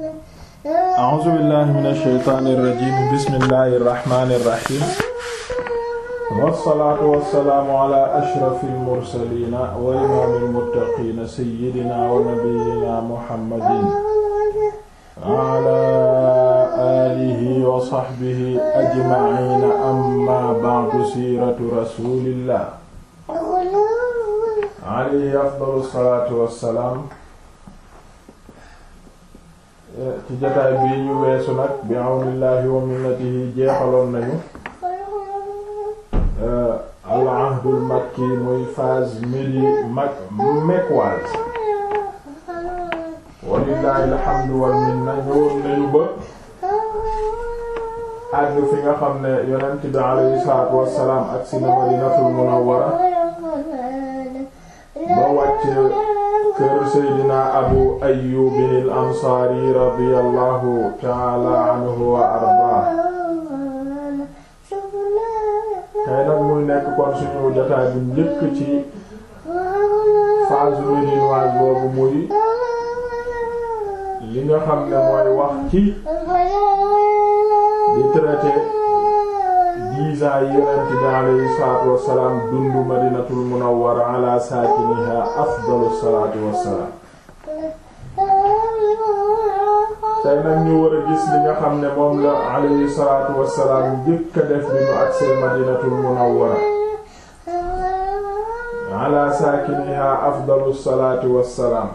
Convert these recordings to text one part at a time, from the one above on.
a'uuzu billaahi mina shaytaani rajiim bismillaahi rahmaani rahiim wassalaatu wassalaamu alaa ashrafil mursaliina wa imaamil muttaqiina sayyidinaa wa nabiyyinaa muhammadin wa alaa aalihi wa sahbihi ajma'iina ammaa ba'du siiratu rasuulillaah alayhi afdalu salaatu wassalaam ci jotaay bi ñu weesu nag bi awnillahi wa minnatihi jeexaloon nañu eh, al ahdul makki muy phase midi mag mecquoise walillahi alhamdu wal minna ñëwoon nañu ba àgg fi nga xam ne yonent bi alayhi salaatu wassalaam ak si na madinatul munawwara ba wàcc kër seydina abu ayyubin ansaari radiyallahu taala anhu wa ardaa tey muy nekk kon suñu jotaay bu njëkk ci phase médinoise boobu muy li nga xam ne mooy wax ci di dix ans yi yonent nag ñu war a gis li nga xam ne moom la alayhi a def bi ñu agsi madinatul munawwara ala saakiniha afdalu salaatu wassalaam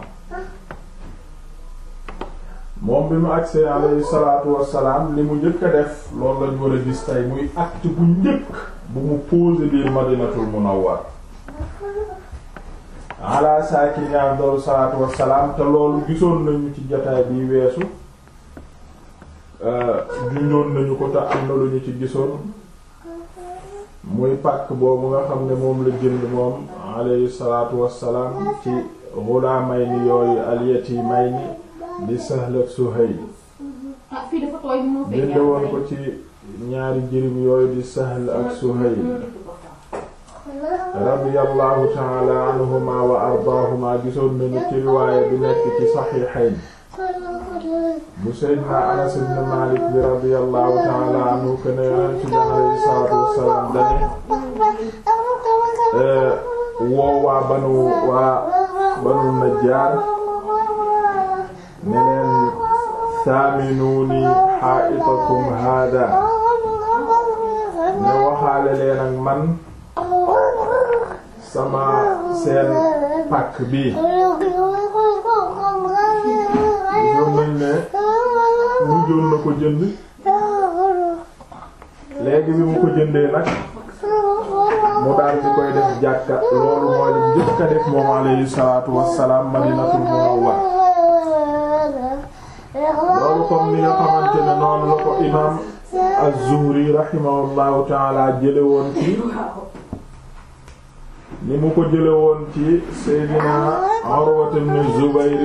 moom bi mu agsee alayhi salaatu wassalaam li mu njëkk a def loolu lañ war a gis tey muy acte bu njëkk bu mu posé biir madinatul munawwar ala saakini afdalu salaatu wassalaam te loolu gisoon nañu ci jotaay bi weesu euh, jundoon nañu ko te am na lu ñu ci gisoon muy pàkk boobu nga xam ne moom la jënd moom alayhi salaatu wassalaam ci xulaamay ni yooyu al yatiimay ni di Sahl ak Suhayl bind ah, woon ko ci ñaari jirim yooyu di Sahl ak Suhayl radiyallahu ta'ala anhuma wa ardaahuma gisoon nañu ci riwaaya bi nekk ci saxiixayn bu Seydina Anas ibn Malik bi radiyallahu ta'ala anhu ko ne Yonent bi alayhi salaatu wassalaam dane eh, woo waa banu waa banu Najjaar neneen saaminuuni xaa'itakum haada ne waxaale leen ak man sama seen pàkk bi gisoon nañ ne ko jënd léegi bi mu ko jëndee nag mu daal di koy def jàkka loolu mooy njëkk a def moom alayhi salaatu wassalaam madinatul munawwara loolu comme ni nga xamante ne noonu la ko imaam az taala jële ni mu ko jële woon ci Seydina Urwa ibn Zubayr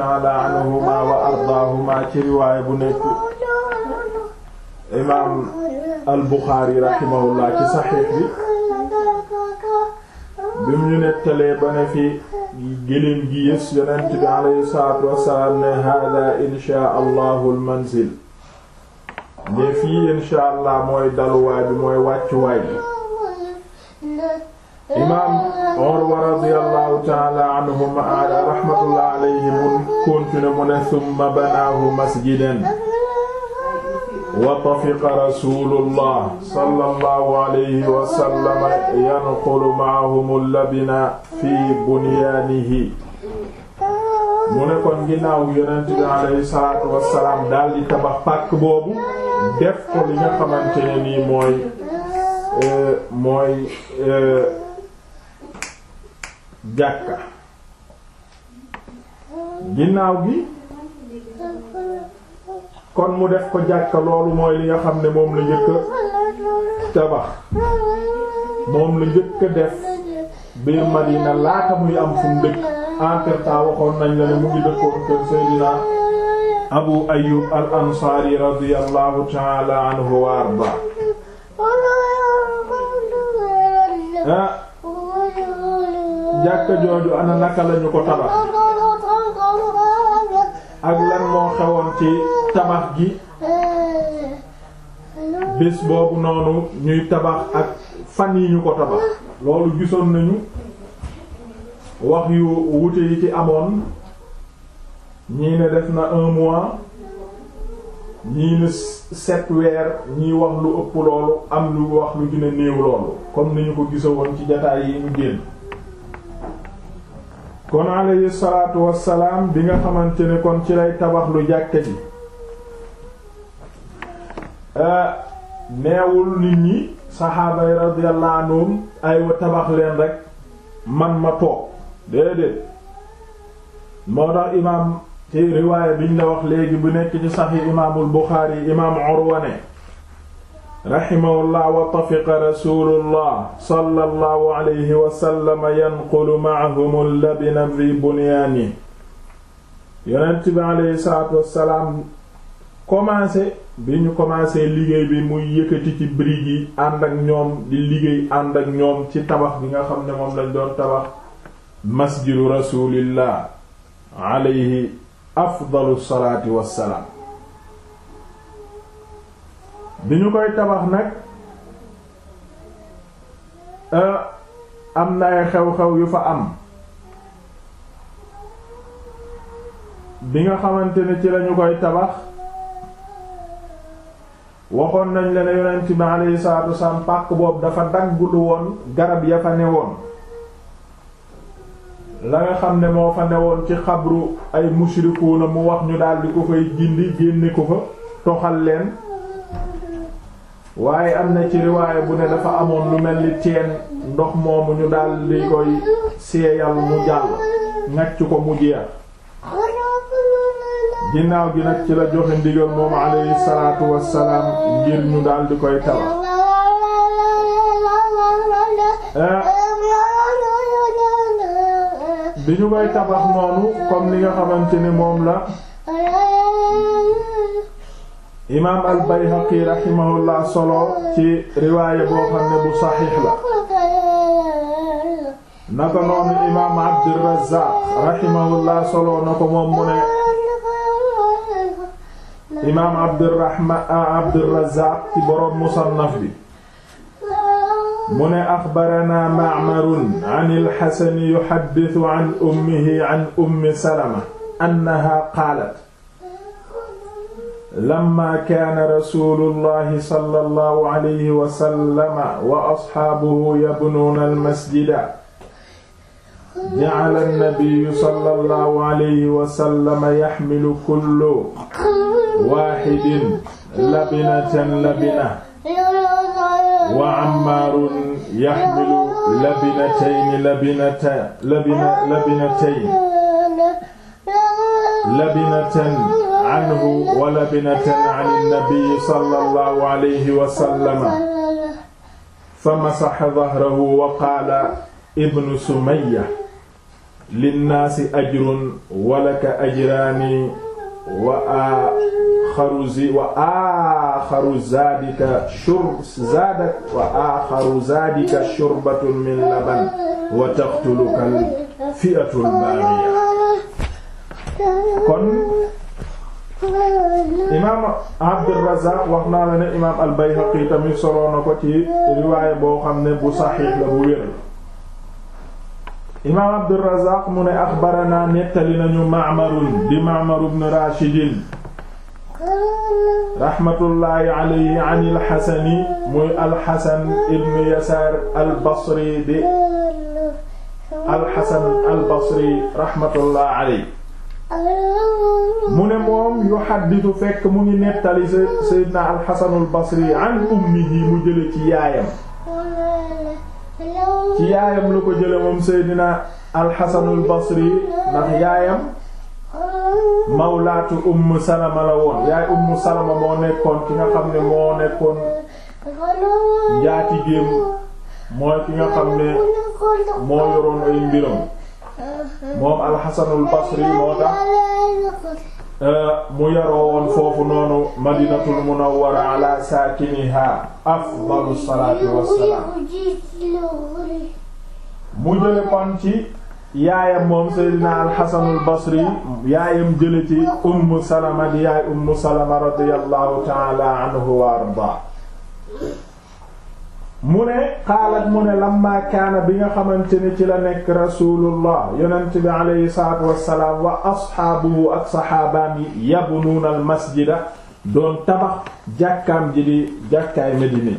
taala anhuma wa ardaahuma ci riwaay bu al-Bukhari rahimahullah ci saxiix bi bi mu ñu gëléem gi yës yonent bi alayhi salaatu wassalaam ne hada inshaa allahu almanzil ne fii inshaa allah mooy daluwaay bi mooy wàccuwaay bi imaam Urwa radiyallahu taala anhuma rahmatullah alayhi mun continue mu ne summa banaahu masjidan wa tafiqa rasulullah sallallahu alayhi wa sallam yanqulu ma'ahum labina fi bunyaanihi mu ne kon ginnaaw yonent bi alayhi salaatu wassalaam daal di tabax pàkk boobu def ko li nga xamante ne mooy e, mooy e, jàkka ginnaaw gi kon mu def ko jàkka loolu mooy li nga xam ne moom la njëkk a tabax moom la njëkk def biir Madina laata muy am fu mu dëkk entre waxoon nañ la ne mu ngi dëkkoon kër Seydina Abu Ayyub al Ansaari radiyallahu ta'ala anhu wa arda ah, ak lan moo xewoon ci tabax gi bis boobu noonu ñuy tabax ak fan yi ñu ko tabax loolu gisoon nañu wax yu wuute yi ci amoon ñii ne def na un mois ñii ne set weer ñii wax lu ëpp loolu am lu wax lu gën a néew loolu comme ni ñu ko gisoon ci jataay yi ñu génn kon alayhi salaatu wassalaam bi nga xamante ne kon ci lay tabax lu jàkka ci euh, neewul nit ñi saxaaba yi radiyallahu tabax leen rek man ma toog déedéet moo tax imaam ci riwaaya biñ la wax léegi bu nekk ci saxi imaamul Buxaari imaam Urwa raximahullah wa tafiqa rasulullah sallallahu alayhi wa sallam yanqulu la labina fi bunyaani yonent bi alayhi salaatu wassalaam commencé bi ñu commencé liggéey bi muy yëkkati ci briques yi ànd ak ñoom di liggéey ànd ak ñoom ci tabax bi nga xam ne moom lañ doon tabax masjidu rasulillah alayhi afdalu salaati wassalaam bi ñu koy tabax nag euh, am na ay xew-xew yu fa am bi nga xamante ne ci lañu koy tabax waxoon nañ leen yonent bi alayhi salaatu wasalaam pàkk boobu dafa daggulu woon garab ya fa newoon la nga xam ne moo fa newoon ci xabru ay mushrikuuna mu wax ñu daldi ko fay gindi génne ko fa toxal leen waaye am na ci riwaaya bu ne dafa amoon lu mel ni teen ndox moomu ñu daal di koy seeyal mu jàll ngacc ko mu jeex ginnaaw gi nag ci la joxe ndigal moom alayhi salaatu wassalaam ngir ñu daal koy tabax bi ñu koy tabax noonu comme li nga xamante ni moom la imaam al bayhaqi rahimahullah solo ci riwaaya boo xam ne bu saxiix la naka noonu imaam abdurrazaaq rahimahullah solo na ko moom mu ne imaam abdurrahmaan abdurrazaaq ci boroom musannaf bi mu ne axbaranaa ma'marun an al-hasan yuhaddithu an ummihi an ummi salama annaha qaalat lamma kaana rasuulullahi sallallahu alayhi wa sallama wa asxaabuhu yabnuuna almasjida ja'ala nabiyyu sallallahu alayhi wa sallama yaxmilu kullu waaxidin labinatan labina wa ammaarun yaxmilu labinatayni labinatayni labinatan anhu wa labinatan an nabi sallallahu alayhi wa sallam fa masaxa dahrahu wa qaala ibnu sumaya linnaasi ajrun walaka ajraani wa aaxaru zi wa aaxaru zaadika shurb zaadak wa aaxaru zaadika shurbatun min laban wa taqtuluka al fi'atu al baagiya kon imaam Abdurrazzaq wax naa la ne imaam al-Bayhaqi tamit soloo na ko ci riwaaya boo xam ne bu saxiix la bu wér imaam Abdurrazzaq mu ne axbaranaa nettali nañu Ma'marun di Ma'mar ibn Rashidin raxmatullaahi alayhi an al-Xasani muy al-Xasan ibn Yasaar al-Basri di al-Xasan al-Basri raxmatullaahi alayhi mu ne moom yu xaddisu fekk mu ngi nettali Seydina alxasanul basri an ummihi mu jële ci yaayam ci yaayam lu ko jële moom Seydina alxasanul basri ndax yaayam mawlaatu umm salama la woon yaay umm salama moo nekkoon ki nga xam ne moo njaati gémm mooy ki nga xam ne moo yoroon ay mbiram moom alxasanul basri moo tax euh, mu yaroo woon foofu noonu madinatul munawwara ala saakiniha afdalu salaatu wassalaam mu jële kon ci yaayam moom seydina alxasanul basri yaayam jële ci umm salama di yaay umm salama radiyallahu taala anhu wa ardaa mu ne xaalat mu ne lamma kaana bi nga xamante ni ci la nekk rasulullah yonent bi aleyhi salaatu wassalaam wa asxaabuhu ak saxaabaam yi yabunuuna al masjida doon tabax jàkkaam ji di jàkkaay Medina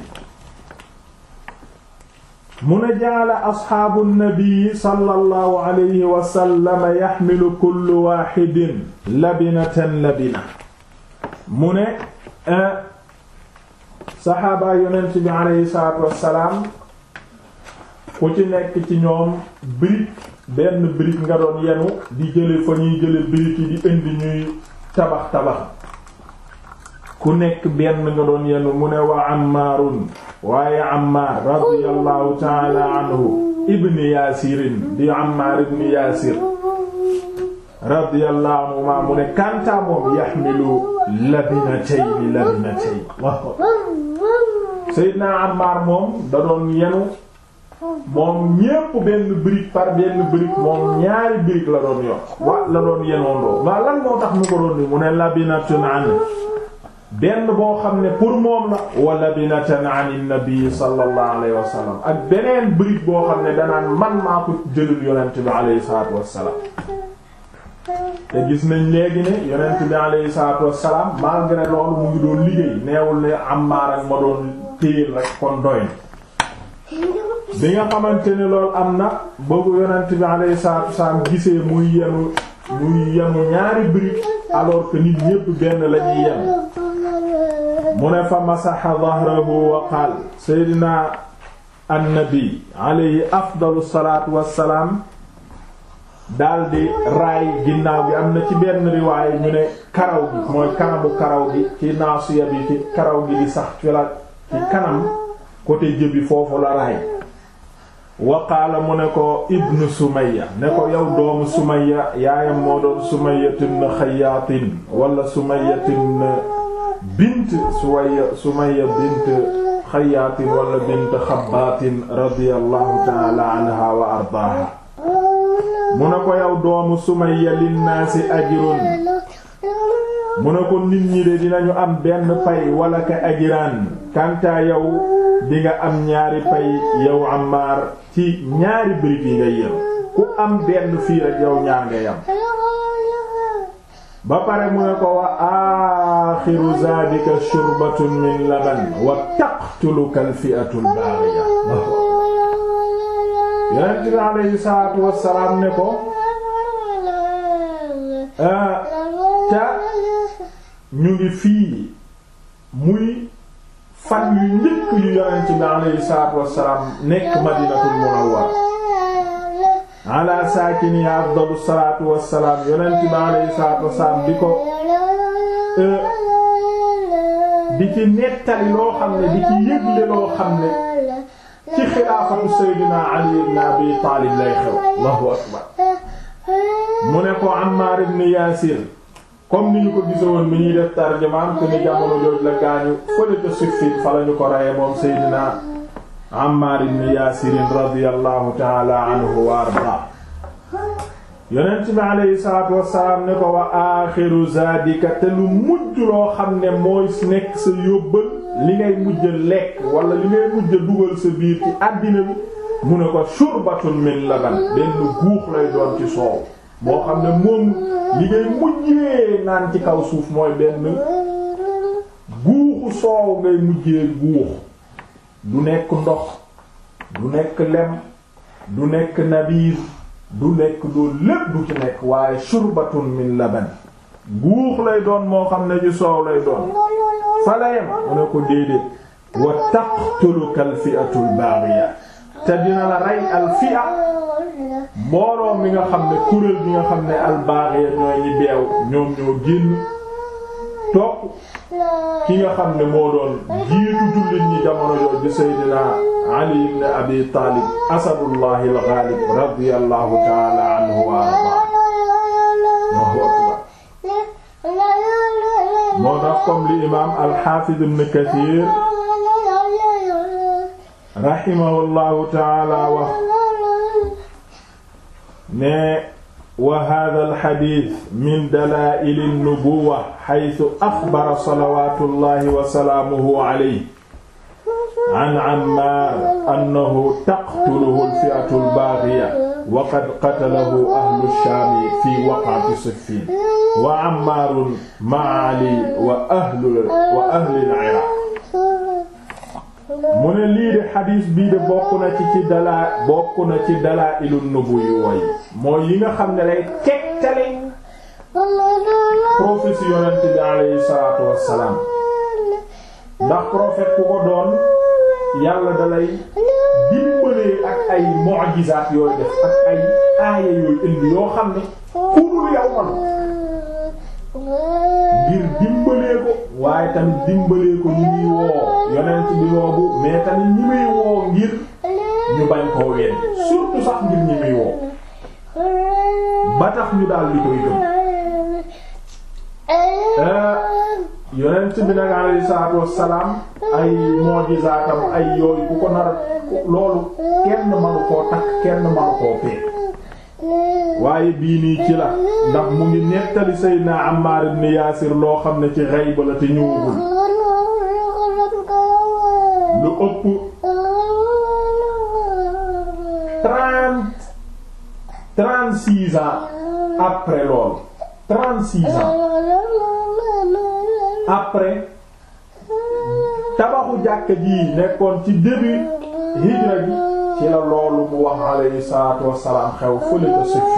mu ne jaala asxaabu nnabii sallallahu alayhi wa sallam yaxmilu kullu waaxidin labinatan labina mu ne eh, saxaaba yonent bi aleyhi salaatu wassalaam ku ci nekk ci ñoom brique benn brique nga doon yenu di jële fa ñuy jële brique yi di indi ñuy tabax tabax ku nekk benn nga doon yenu mu ne wa ammaarun waaye ammaar radiyallahu taala anhu ibn yaasirin di ammaar ibn yaasir radiyallahu anhuma mu ne kanta moom yaxmilu labinatayni labinatayni waaw Seydina Ammar moom da doon yenu moom ñépp benn brique par benn brique moom ñaari brique la doon yor wa la doon yenoondoo waaw lan moo tax mu ko doon ni mu ne labinatan an benn boo xam ne pour moom la wa labinatan an nabi sallallahu alayhi wa ak beneen brique boo xam ne danaan man maa ko jëlul yonent bi alayhi salaatu wassalaam te gis nañ léegi ne yonent bi alayhi salaatu wassalaam malgré loolu mu ngi doon liggéey neewul ne Ammaar ak ma doon téyel rek kon doy bi nga xamante ne lool am na bëggu yonent bi alayhi salaatu wassalaam gisee muy yenu muy yenu ñaari brique alors que nit ñépp benn la ñuy mu ne fa masaxa dhahrahu wa qaal seydina annabi alayhi afdalu salaatu daldi raay ginnaaw bi am na ci benn riwaay ñu ne karaw gi mooy kanamu karaw gi ci naasiya bi ci karaw gi di sax ci la ci kanam côté jëbi foofu la raay mu ne ko ibnu sumayya ne ko yow doomu sumayya yaayam moo doon sumayyatin xayaatin wala sumayyatin bint suwayya sumayya bint xayaatin wala bint xabbaatin radiyallahu taala anha wa ardaaha mu ne ko yow doomu Sumayya linnaasi ajrun mu ne ko nit ñi dinañu am benn pay wala ka ajiraan kantaa yow di am ñaari pay yow Ammaar ci ñaari birig yi nga yem ku am benn fii rek yow ñaar nga yem ba pare mu ne ko wa aaxiru zaadika shurbatun min laban wa taqtuluka al fi'atul yonent bi alayhi salaatu wassalaam ne ko ah, ca ñu ngi fii muy fan yu njëkk yu yonent bi alayhi salaatu wassalaam nekk madinatul munawwara ala saakini afdalu salaatu wassalaam yonent bi alayhi salaatu wassalaam di ko eh, di ci nettali loo xam ne di ci yëgle loo xam ne ci mu ne ko Ammaar ibn Yaasir comme ni ñu ko gisoon mi ñuy def tarjumaan ku ni jamono jooj la gaañu fële ca Siffin fa la ko reye moom Seydina Ammaar ibn Yaasir radiyallahu ta'ala anhu wa ardaa yonent bi alayhi salaatu wassalaam ne ko wa aaxiru zaadika te lu mujj loo xam ne mooy nekk sa yóbbal li ngay mujj lekk wala li ngay mujj dugal sa biir ci àddina bi mu ne ko shurbatun min laban benn guux lay doon ci soow boo xam ne moom li ngay mujjee naan ci kaw suuf mooy benn guuxu soow ngay mujjee guux du nekk ndox du nekk lem du nekk nabiir du nekk loolu lépp du ci nekk waaye shurbatun min laban guux lay doon moo xam ne ci soow lay doon fa la yem ko déedéet wa taqtuluka al fi'atu te dina la rey al fi'a mbooloo mi nga xam ne kuréel bi nga xam ne al baghiya ñooy ñi beew ñoom ñoo génn topp ki nga xam ne moo doon jiitu jullit ñi jamono yooyu di Seydina Ali ibn Abi Taalib Asadullah al-Ghalib radiyallahu ta'ala anhu wa arda moo tax comme li imaam al-Hafiz ibn Kathir rahimahullahu taala wax ne wa hadha al-hadith min dalaa'il an-nubuwwa haythu akhbara salawatullahi wa salaamuhu alayhi an Ammaar annahu taqtuluhu al-fi'atu al-baaghiya wa qad qatalahu ahlu shaami fi waqati siffin wa ammaarun maali wa ahlu wa ahlil iraq mu ne lii de xadiis bii de bokk na ci ci dalaa bokk na ci dalaa ilu nubu yu woy mooy yi nga xam ne lay tegtale prophétie yonent bi alayhi salaatu wassalaam ndax prophète ku ko doon yàlla dalay dimbalee ak ay mu'jizaat yooyu def ak ay aaya yooyu indi yoo xam ne ku dul yow man ngir dimbalee ko waaye tamit dimbalee ko ñu muy woo yonent bi yoobu mais tamit ñi muy woo ngir ñu bañ koo ween surtout sax ngir ñi muy woo ba tax ñu daal li koy gëm Eh, yonent bi nag alayhi salaatu wassalaam ay mu'jizaatam ay yooyu ku ko nar loolu kenn manu koo takk kenn manu koo fee waaye bii nii ci la ndax mu ngi nettali Seydina Ammaar ibn Yaasir loo xam ne ci xayba la te ñëwul lu ëpp trente trente après loolu trente-six après tabaxu jàkka ji nekkoon ci début hijra ji ci la loolu mu wax alayhi salaatu wassalaam xew fële ko sëkk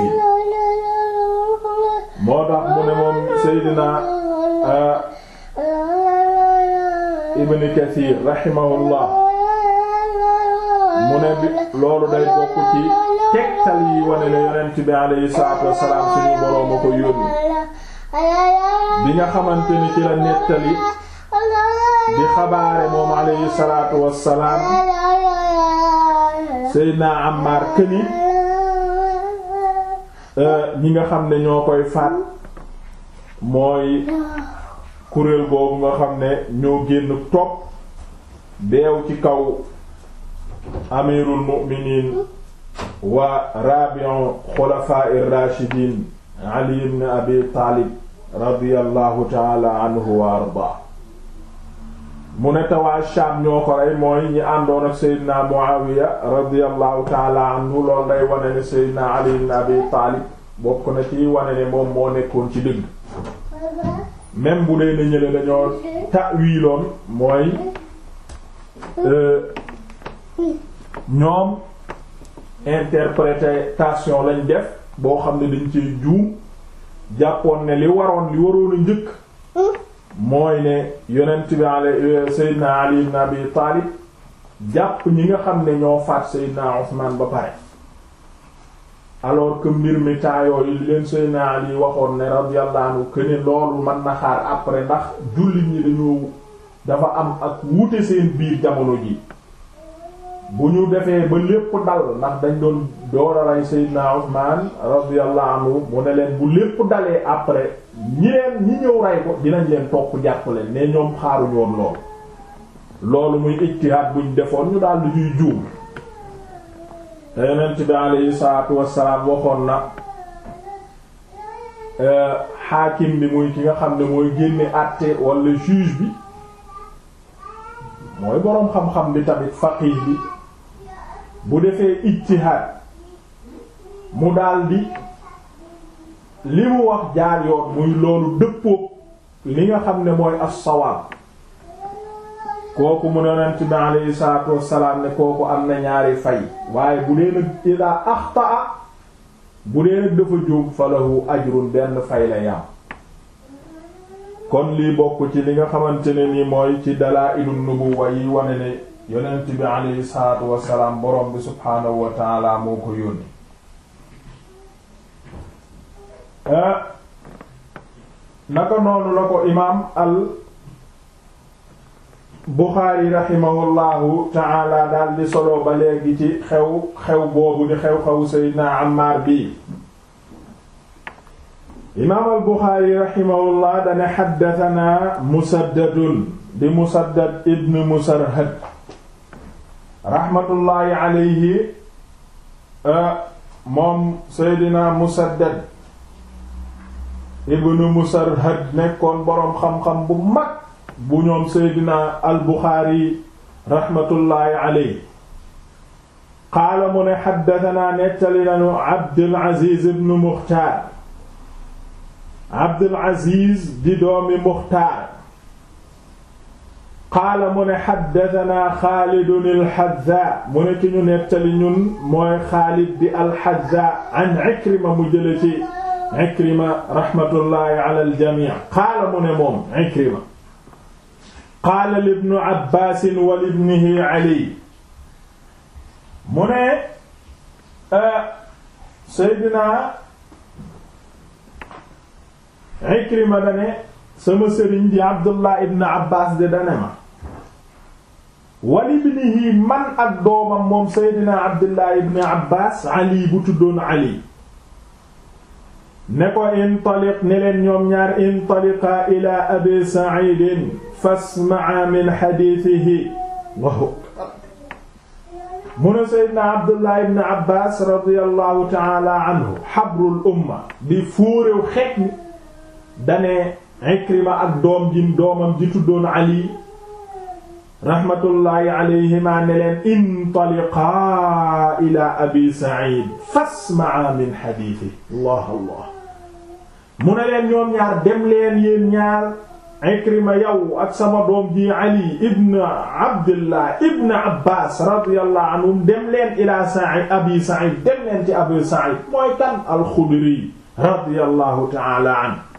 moo tax mu ne moom Seydina uh, Ibn Kathir mu ne loolu day bokk ci tegtal yi wane la yonent bi alayhi salaatu wassalaam suñu boroom a ko yónni bi nga xamante ni ci la nettali di xabaare moom alayhi salaatu wassalaam Seydina Ammar këni euh, ñi nga xam ne ñoo koy faat mooy kuréel boobu nga xam ne ñoo génn topp beew ci kaw amirul mu'miniin wa rabiu xulafaa'i rachidin ali ibn abi taalib radiyallahu taala anhu wa arda mu ne tawaa Shaam ñoo ko rey mooy ñi àndoon ak Seydina Muawiya radiyallahu taala anhu loolu day wane ne Seydina Ali ibn Abi Taalib bokk na ci wane ne moom moo nekkoon ci dëgg même bu dee na ñële dañoo ta'wiiloon mooy euh, ñoom interprétation lañ def boo xam ne dañ ci juum jàppoon ne li waroon li waroon a njëkk mooy ne yonent bi ale euh, Seydina Ali ibn Abi Taalib jàpp ñi nga xam ne ñoo faat Seydina Usmaan ba mbir mi taayoo yi li leen Seydina Ali waxoon ne radiyallahu anhu que ne loolu mën na xaar après ndax jullit ñi dañoo dafa am ak wuute seen biir jamono ji bu ñu defee ba lépp dal ndax dañ doon door a rey Seydina Usmaan radiyallahu anhu mu ne leen bu lépp dalee après ñi leen ñi ñëw rey ko dinañ leen topp jàpp leen ne ñoom xaaruñu loolu loolu muy ijtihaad buñ defoon ñu daal ñuy juum te yonent bi alayhi salaatu wassalaam waxoon na euh, xaakim bi muy ki nga xam ne mooy génne àtte wala juge bi mooy boroom xam-xam bi tamit faqih bi bu defee ijtihaad mu daldi li mu wax jaar yoon muy loolu dëppoo li nga xam ne mooy as-sawaab kooku mu ne yonent bi alayhi salaatu wassalaam ne kooku am na ñaari fay waaye bu dee nag idaa axtaa bu dafa juum falahu ajrun benn fay la kon lii bokk ci li nga xamante ne ni mooy ci dalaa'ilun nubuwwa yi wane ne yonent bi aleyhi salaatu wasalaam borom bi subhaanahu wa taala moo ko yónni eh, naka noonu la ko imaam al buxaari raximahullahu taala daal di solo ba léegi ci xew xew boobu di xew xew seydina ammaar bii imaam al buxaari raximahullah dane xaddatanaa musaddadun di musaddad ibn musarhad raxmatullaahi alayhi euh, moom seydina musaddad ibnu musarhad nekkoon boroom xam-xam bu mag bu ñoom seydina al buxaari raxmatullaahi alayhi qaala mu ne xaddatanaa nettali nañu abdul aziz ibnu muxtaar abdul aziz di doomi muxtaar qaala mu ne xaddatanaa xaalidun alxaza mu ne ki ñu nettali ñun mooy xaalid di alxaza an ikrima mu jële ci ikrima raxmatullahi ala aljamic qaala mu ne moom ikrima qaala libnu abbasin wa libnihi ali mu ne seydina ikrima dane sama sëriñ di abdullah ibn abbas de dane ma walibnihi man ak doomam moom seydina abdullah ibni abbas ali bu tuddoon ali ne ko intaliq ne leen ñoom ñaar intaliqaa ila abi sa'id fasmaa min xadiitihi mu ne seydina abdullah ibni abbas radiallahu taala anhu xabrul umma di fóoréw xeet ni dane ak doom ji doomam ji tuddoon ali rahmatullahi alayhima ne leen intaliqaa ila abi sa'id fasmaa min hadithi allah allah mu ne leen ñoom ñaar dem leen yéen ñaar Ikrima yow ak sama doom ji Ali ibn Abdullah ibn Abbas radiyallahu anhum dem leen ila Sa'id abi Sa'id dem leen ci abi Sa'id mooy kan al-Khudri radiyallahu ta'ala anhu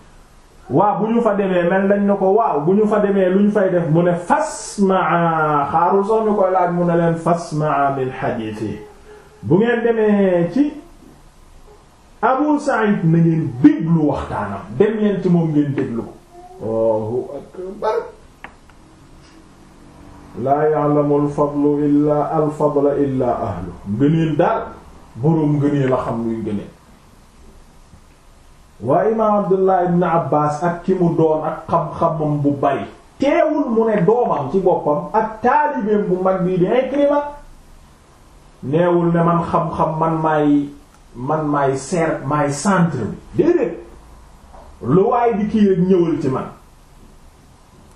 waaw bu ñu fa demee mel nañ ne ko waaw bu ñu fa demee lu ñu fay def mu ne fas maa xaarul sax ñu koy laaj mu ne leen fas maa min xadiis yi bu ngeen demee ci Abu Sa'id na ngeen déglu waxtaanam dem leen ci moom ngeen déglu ko Allahu akbar laa ya'lamu al-fadlu illaa al-fadla illaa ahlu ngëneel daal boroom ngëneel la xam luy ngëneel waa imaam abdullah ibn abbas ak ki mu doon ak xam-xamam bu bari teewul mu ne doomam ci boppam ak taalibeem bu mag bii di Ikrima neewul ne man xam-xam man maay man maay ser maay centre bi déedéet lu waay di kii rek ñëwal ci man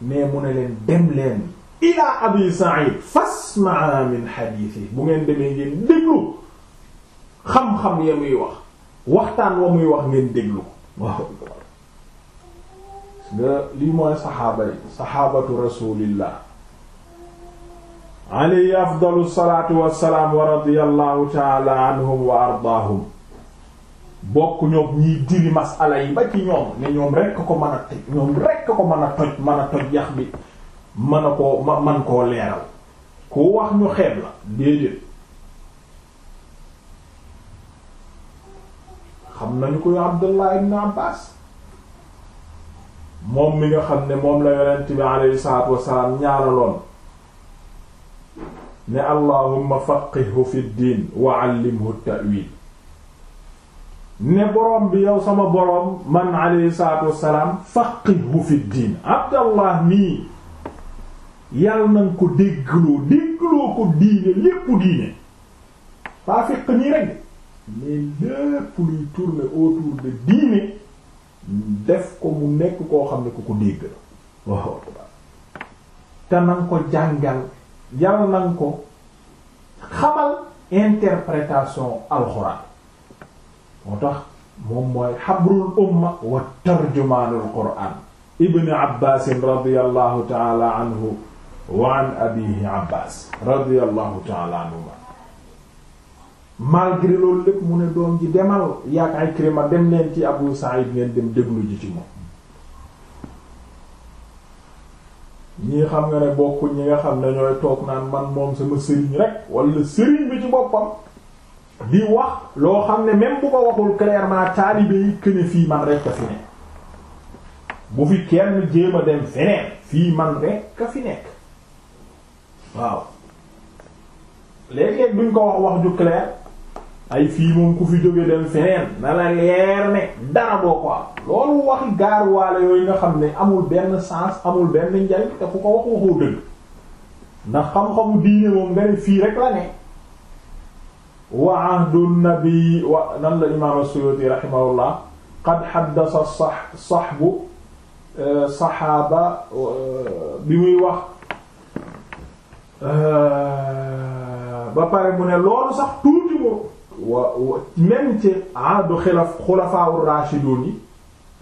mais mu ne leen dem leen ilaa abi Sa'id fasmaa min xadiisi bu ngeen demee ngeen déglu xam-xam ya muy wax waxtaan wa muy wax ngeen déglu waaw nga lii mooy saxaaba yi saxaabatu rasulillah alayhi afdalu salaatu wassalaam wa radiyallahu taala anhum wa ardaahum bokk ñoom ñiy diri masala yi ba ci ñoom ne ñoom rekk a toj ko mën a toj mën a toj yax bi mën a koo man koo leeral ku wax ñu xeeb la déedéet xam nañu koy Abdullah ibn Abbas moom mi nga xam ne moom la yonent bi alayhi salaatu wasalaam ñaanaloon ne allahumma faqihhu fi diin wa allimhu ta'wil ne boroom bi yow sama boroom man alayhi salaatu wasalaam faqihhu fi diin Abdallah mii yàlla nanga ko déggloo déggloo ko diine lépp diine faa fiq nii rek mais lépp luy tourner autour de diine def ko mu nekk koo xam ne ku ko dégg la waaw te nanga ko jàngal yàlla nanga ko xamal interprétation alxuraan moo tax moom mooy xabrul umma wa tarjumaanul qur'aan ibn abbaas radiyallahu taala anhu wa an abihi abbaas radiyallahu taala anhuma malgré loolu lépp mu ne doom ji demal yaag ay Ikrima dem leen ci Abu Sa'id ngeen dem déglu ji ci moom ñii xam nga ne bokku ñi nga xam ne ñooy toog naan man moom sama sëriñ rek wala sëriñ bi ci boppam di wax loo xam ne même bu ko waxul clairement taalibe yi këne fii man rek ka fi nekk bu fi kenn jéem a dem feneen fii man rek fi nekk waaw léeg-léeg duñ ko wax wax ju clair ay fii moom ku fi jóge dem feneen na la leer ne dara boo ko am loolu waxi gaaruwaale yooyu nga xam ne amul benn sens amul benn njariñ te ku ko wax waxoo dëgg ndax xam-xamu diine moom nga fii rek la ne wa ahdu nabi wa nan la imaam as-Suyuti rahimahullah qad haddasa sa sahbu euh, saxaaba euh, bi muy wax euh, ba pare mu ne loolu sax tuuti mo wa même ci adu xilaf xulafaawu rashidun yi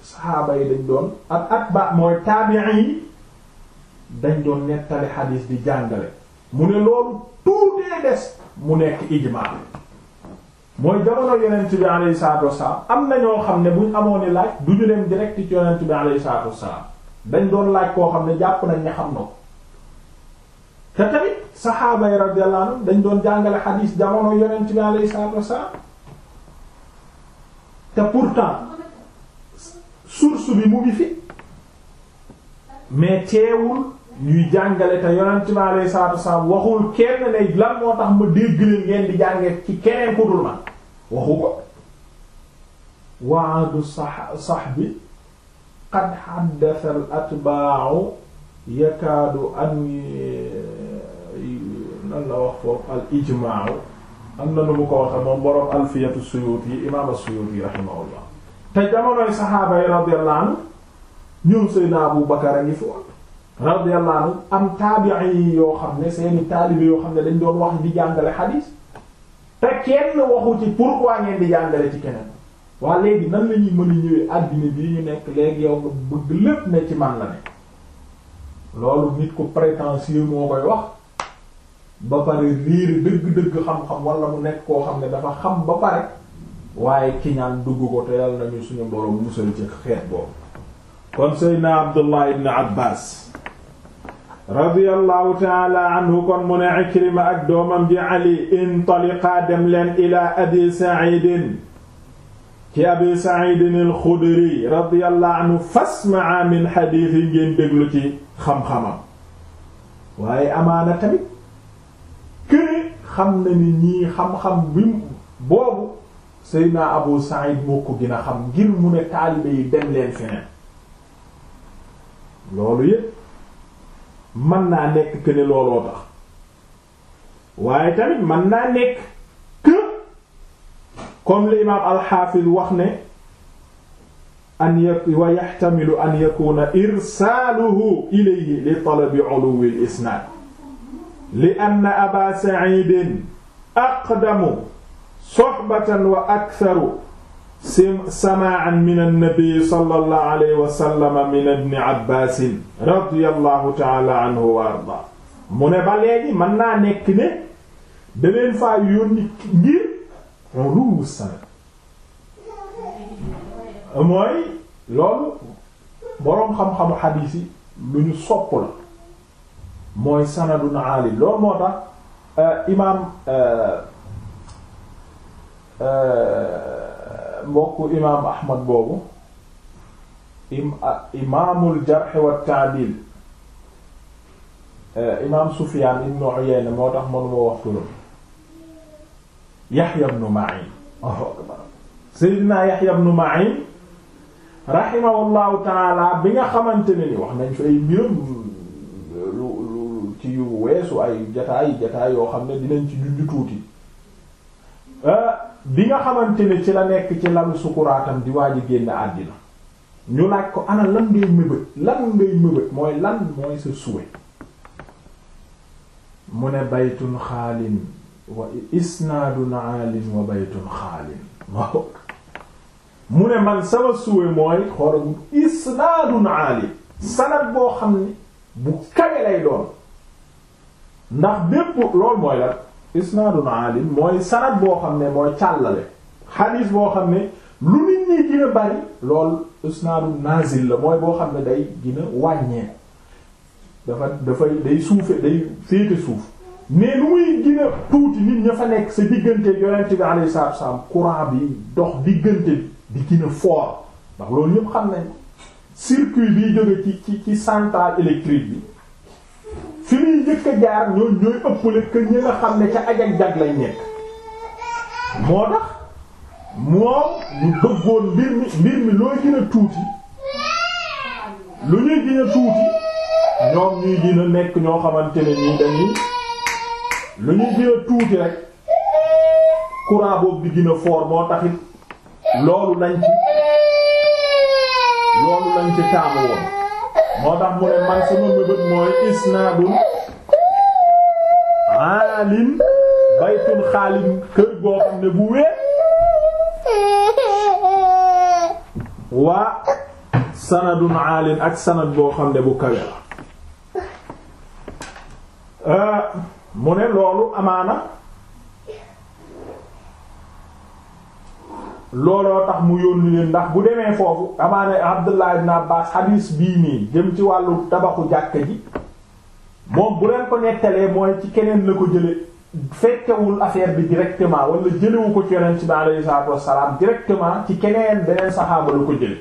saxaaba yi dañ doon ak atba mooy taabi'i yi dañ doon nettali xadiis di jàngale mu ne loolu tuutee des mu nekk ijmaa mooy jamono yonent bi alayhi salaatu wassalaam am na ñoo xam ne buñ amoon ni laaj du ñu dem direct ci yonent bi alayhi salaatu wassalaam dañ doon laaj koo xam ne jàpp nañ ne xam na ko te tamit saxaaba yi radiyallahu anhum dañ doon jàngale xadiis jamono yonent bi alayhi salaatu wassalaam te pourtant source bi mu ngi fi mais teewul ñuy jàngale te yonent bi alayhi salaatu wassalaam waxul kenn ne lan moo tax ma dégg leen ngeen di jànge ci keneen ku dul man waxu ko waadu sax sahbi qad haddatha al atba'u yakaadu an lan la wax foofu al ijmaaw am na lu mu ko wax moom boroom alfiyatu suyuti imaam as-suyuti rahimahullah te jamonoy saxaaba yi radiyallahu anhu ñoom Seydina Abu Bakar a ngi fi woon am taabi'i yoo xam ne seeni taalibe yoo xam ne dañ doon wax di jàngale xadiis te kenn waxu ci pourquoi ngeen di jàngale ci keneen waa léegi nan la ñuy a ñëwee àddina bii ñu nekk léegi yow nga bëgg lépp ne ci man la ne loolu nit ku prétentieux moo koy wax ba pare riir dëgg-dëgg xam-xam wala mu nekk koo xam ne dafa xam ba pare waaye kiñaan dugg ko te yàlla nañu suñu boroom musal ci xeet boobu kon seydna abdullah ibn abbas radiyallahu taala anhu kon mu ne ikrima ak doomam ji ali intaliqaa dem leen ila abi sa'idin ci abi sa'idin al-xudri radiyallahu anhu fasmaa min xadiis yi ngeen déglu ci xam-xamam waaye amaana tamit këne xam nani nii ñii xam-xam bi boobu Seydina Abu Sa'id moo ko xam ngir mu ne taalibe yi leen feneen loolu yépp mën naa nekk këne looloo tax waaye tamit mën naa nekk que comme l'imam al-Hafiz wax ne an ya wa yaxtamilu an li talabi uluwi al li anna aba saidin aqdamu soxbatan wa aktharu samaan min annabi sallallahu alayhi wa sallam min ibni abbaasin radiyallahu taala anhu wa arda mu ne ba léegi mën naa nekk ne da leen faa yónni ngir uluwu sana mooy loolu boroom xam-xamu xadiis yi lu ñu sopp la mooy sanadun aali loolu moo tax euh, imaam euh, euh, mbokku imaam Ahmad boobu imaamul jarh wa ta'dil imaam Sufyaan ibn Uyayna moo tax mënuma wax turam Yahya ibn Ma'in Seydina Yahya ibn Ma'in rahimahullahu taala bi nga xamante ne ni wax nañ fi ay mbirum weesu ay jataay jataay yoo xam ne dinañ ci junj tuuti euh, bi nga xamante ni ci la nekk ci lalu sukuraatam di waaj a génn àddina ñu laaj ko ana lan ngay mëbët lan ngay mëbët mooy lan mooy sa souhait mu ne baytun xaalin wa isnaadun aalin baytun xaalin mu ne man sama souhait mooy xoola bu isnaadun aalin boo xam ne bu kawe lay doon ndax bépp loolu mooy la isnaadun aalim mooy sanad boo xam ne mooy càllale xadiis boo xam ne lu nit ñi gën a bari loolu isnaadun la mooy boo xam ne day gën a wàññee dafa dafay day suufe day féete suuf mais lu muy gën tuuti nit ña fa nekk sa diggante yonent bi alayhi salaatu wasallam courant bi dox diggante bi di gën a fort ndax loolu ñëpp xam nañ circuit biy jóge ci ci ci centrale électrique bi fi muy njëkk a jaar ñooy ñooy ëppale que ñi xam ne ca ajak jag lay nekk moo tax moom ñu bëggoon mbir mi mbir mi looy gën tuuti lu ñuy gën tuuti ñoom ñuy gën nekk ñoo xamante ne ñii dañuy lu ñuy gën a tuuti rek courant boobu di gën a fort moo taxit loolu lañ ci loolu lañ ci taamu woon moo tax mu ne man sama mëbët mooy isnaadun aalim baytun xaalim kër goo xam ne bu wéet waa sanadun aalim ak sanad boo xam ne bu kawe la euh, mu ne loolu amaana looloo tax mu yónni leen ndax bu demee foofu amaane Abdullah ibn Abbas hadis bii nii jëm ci wàllu tabaxu jàkka ji moom bu leen ko nettalee mooy ci keneen la ko jële fekkewul affaire bi directement wala jëlewu ko ci yonent bi alayhi salaat wassalaam directement ci keneen beneen saxaaba la ko jële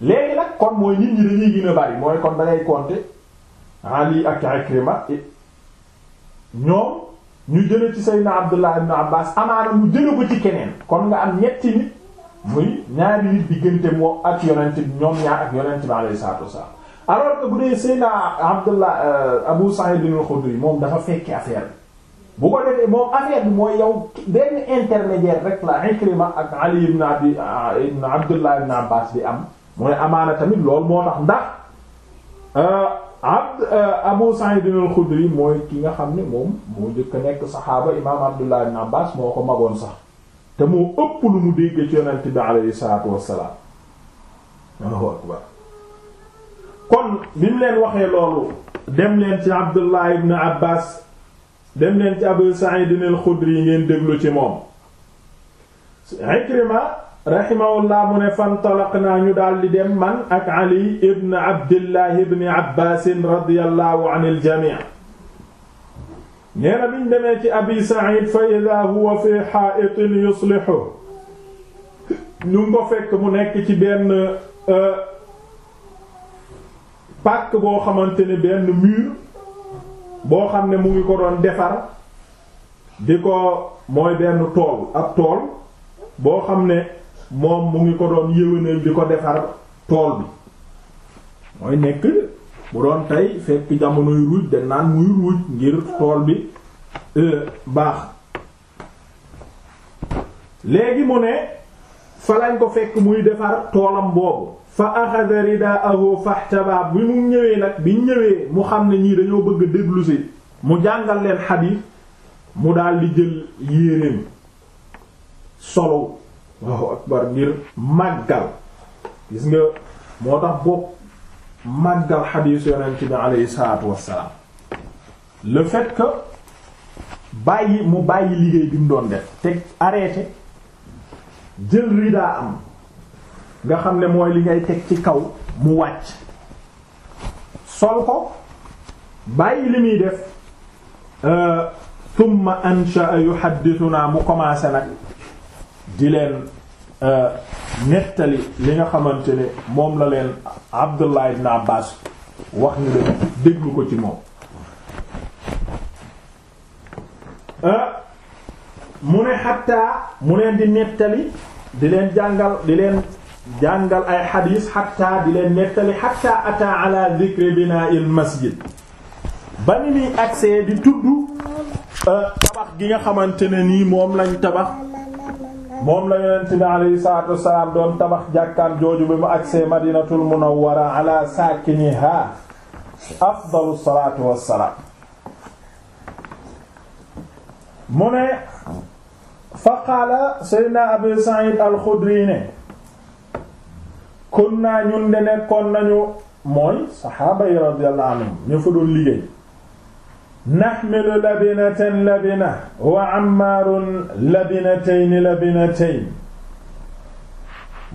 léegi nag kon mooy nit ñi dañuy gën a mooy kon da ngay compter Ali ak Ikrima ñoom ñu jële ci Seydina Abdullah ibn Abbas amaana mu jële ko ci keneen kon nga am ñetti nit muy ñaari nit diggante moom ak yonent ñoom ñaar ak yonent bi alayhi salaatu wasalaam alors que bu dee euh, Abu Sa'id al-Khudri moom dafa fekk affaire bi bu ko defee moom affaire bi mooy yow benn intermédiaire rek la Ikrima ak Ali ibn Abi euh, ibn Abdullah ibn am mu amaana tamit loolu moo tax ndax euh, abd euh, Abu Sa'id al mooy ki nga xam ne moom moo njëkk nekk saxaaba imaam Abdullah ibn Abbas moo ko magoon sax te moo ëpp lu mu déggee ci yonent bi alayhi salaatu wassalaam Allahu kon bi mu leen waxee loolu dem leen ci Abdullah ibn Abbas dem leen ci Abu Sa'id al-Khudri ngeen déglu ci moom Ikrima rahimahullah mu ne fantalaqnaa ñu daldi dem man ak ali ibn abdillah ibn abbaas radiyallahu anil jamii neena biñ demee ci abi sa'id fa idaa huwa fi xaa'itin yuslihu ñu ngi ko fekk mu nekk ci benn euh, pàkk boo xamante ne benn mur boo xam ne mu ngi ko doon defar di ko mooy benn tool ab tool boo xam ne moom mu ngi ko doon yéwénal di ko defar tool bi mooy nekk bu doon tey fekk jamonoy ruuj dañ naan muy ruuj ngir tool bi euh, baax léegi mu ne fa lañ ko fekk muy defar toolam boobu fa axada ridaahu fahtaba bi mu ñëwee nag bi ñëwee mu xam ne ñii dañoo bëgg a mu jàngal leen xadiis mu daal di jël yéreem solo waaw akbar ngir màggal gis nga moo tax bokk màggal xadiis yonent bi alayhi salaatu wassalaam le fait que bàyyi mu bàyyi liggéey bi mu doon def teg arrêté jël ridaa am nga xam ne mooy li ngay teg ci kaw mu wàcc sol ko bàyyi li muy def euh, thumma ansha yuhaddithuna mu commencé nag di leen Euh, nettali li nga xamante ne moom la leen Abdullah ibn Abbas wax ñu dem déglu ko ci moom euh, mu ne xattaa mu leen di nettali di leen jàngal di leen jàngal ay xadiis xattaa di leen nettali xattaa ata ala dhikri binaa'il masjid ba ni muy agsee di tudd euh, tabax gi nga xamante ne nii moom lañ tabax moom la yonent bi alayhi salaatu wassalaam doon tabax jàkkaam jooju bi mu agsee madinatul munawwara ala saakiniha afdalu salaatu wassalaam mu ne fa qaala seydna abu sa'id al-xudri ne kunna ñun de nekkoon nañu mooy saxaaba yi radiyallahu anhum ñu fa doon liggéey naxmilu labinatan labina wa ammaarun labinatayni labinatayn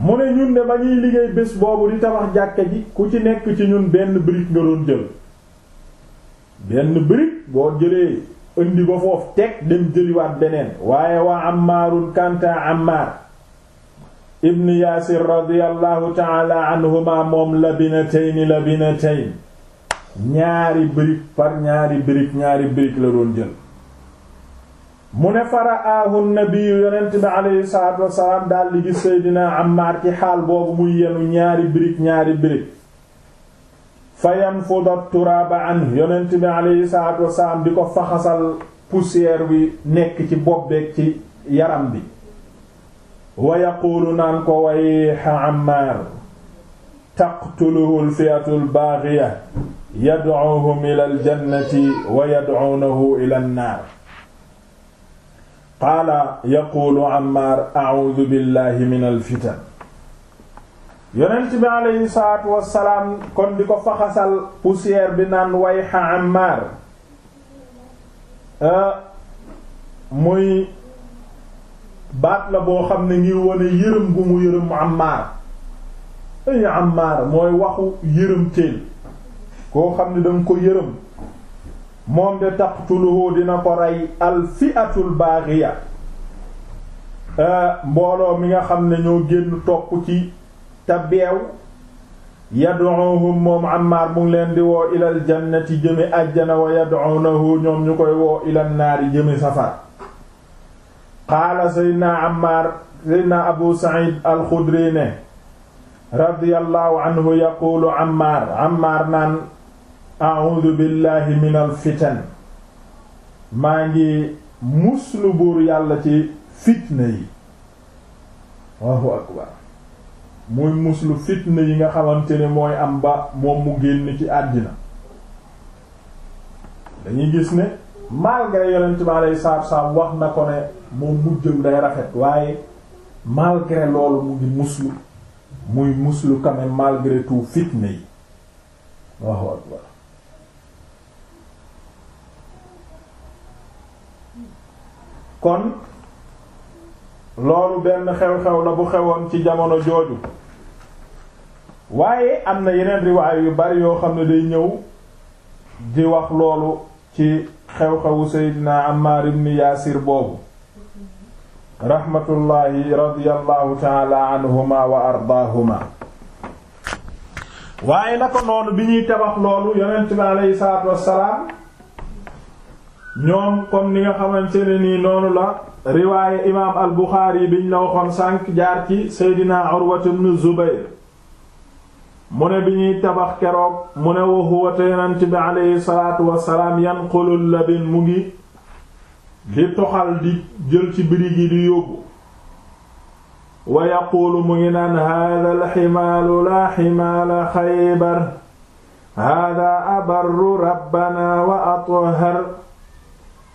mu ne ñun de ba ñuy liggéey bés boobu di tabax jàkka ji ku ci nekk ci ñun benn brique nga doon jël benn brique boo jëlee indi ba foofu teg dem jëliwaat beneen waaye wa ammaarun kanta ammaar ibn yaasir radiyallahu taala anhuma moom labinatayni labinatayn ñaari brique par ñaari brique ñaari brique la doon jël mu ne faraahu nabiyu yonent bi aleyhi salaatu wasalaam daldi gis seydina Ammaar ci xaal boobu muy yenu ñaari brique ñaari brique fa yanfudu turaaba an yonent bi aleyhi salaatu wasalaam di ko faxasal poussière bi nekk ci bopp ci yaram bi wa naan ko wayxa Ammaar taqtuluhu al fi'atu al baaxiya yad'uuhum ila aljannati wa yad'uunahu ila annaar qaala yaquulu Ammaar a'uudu billaahi min alfitan yonent bi aleyhi salaatu wassalaam kon di ko faxasal poussière bi naan wayxa Ammaar euh, muy baat la boo xam ne ngi wone yërëm gu mu yërëm Ammaar ay Ammaar mooy waxu yërëm teel koo xam ne danga ko yërëm moom de taqtuluhu dina ko rey al fi'atul baghiya euh, mbooloo mi nga xam ne ñoo génn topp ci te beew yad'uhum moom Ammaar mu leen di woo ilal jannati jëmi àjjana wa yad'unahu ñoom ñu koy woo ilal naari jëmi safar qaala seydna Ammaar seydna Abu Sa'id al-Khudri yaqulu Ammaar Ammaar naan a'udhu billahi minal fitan maa ngi muslu buur yàlla ci fitna yi Allahu akbar muy muslu fitna yi nga xamante ne mooy am ba moom mu génn ci àddina dañuy gis ne malgré yonent bi alayhi salaatu wasalaam wax na ko ne moom mujjëm day rafet waaye malgré loolu mu ngi muslu muy muslu quand même malgré tout fitna yi Allahu akbar kon loolu benn xew-xew la bu xewoon ci jamono jooju waaye am na yeneen riwaay yu bari yoo xam ne day ñëw di wax loolu ci xew-xewu Seydina Ammaar ibn Yaasir boobu raxmatullaahi radiyallahu taala anhuma wa ardaahuma waaye naka noonu bi ñuy tabax loolu yonent bi aleyhi salaatu wassalaam ñoom comme ni nga xamante ne nii noonu la riwaaye imaam al buxaari biñ la waxoon sànq jaar ci seydina urwatu mu ne bi ñuy tabax keroog mu ne wa huwa te yonent bi aleyhi salaatu wasalaam yanqulul labin mu ngi di toxal di jël ci birig yi di yóbbu wa yaquulu mu ngi naan haada alximaalu la ximaala xaybar haada abarru rabbana wa athar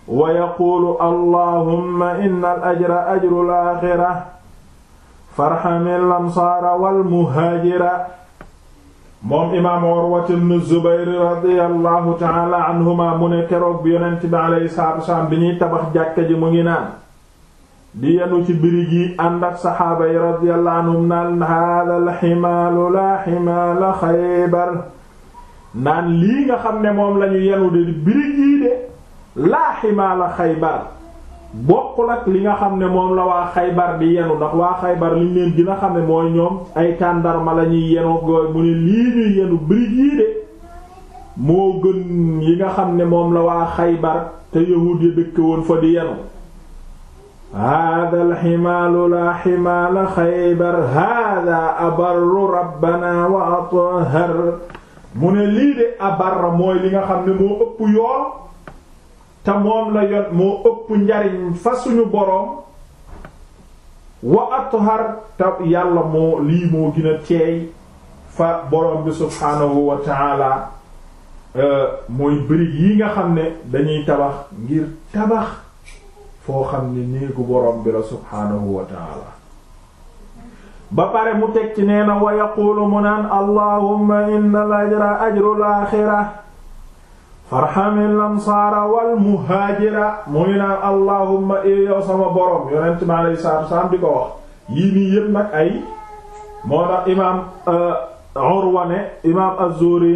wa yaquulu allahumma inna al ajra ajru laaxira farxamil ansaara wal muhaajira moom imaam Urwata ibn Zubayr radiyallahu taala anhuma mu ne keroog bi yonent bi alayhi salaatu wasalaam bi ñuy tabax jàkka ji mu ngi naan di yenu ci birig yi ànd ak saxaaba yi radiyallahu anhum naan haadal ximaalu laa ximaala xaybar naan lii nga xam ne moom lañu yenu de birig yi de laa ximaala xaybar bokkul ak li nga xam ne moom la waa xaybar di yenu ndax waa xaybar liñ leen dina xam ne mooy ñoom ay tàndarma la ñuy yenu gooy mu ne lii ñuy yenu brique yii de moo gën yi nga xam ne moom la waa xaybar te yahuud ya dëkke woon fa di yenu hada alximaalu laa ximaala xaybar hada abarru rabbana wa athar mu ne lii de abarra mooy li nga xam ne moo ëpp yool te moom la yoon moo ëpp njariñ fa suñu boroom wa athar te yàlla moo lii moo gën a teey fa boroom bi subhaanahu wa euh, mooy bërig yi nga xam ne dañuy tabax ngir tabax foo xam ne néegu boroom bi la subhaanahu wa ba pare mu teg ci nee na wa yaqulu mu naan allahumma inna al ajrul axira farxamil ansaara wal muhaajira muy naan allahumma ee yow sama borom yonent mi alayhi salaatu salaam di ko wax yii nii yëpp nag ay moo tax imaam euh, Urwa ne imaam az euh,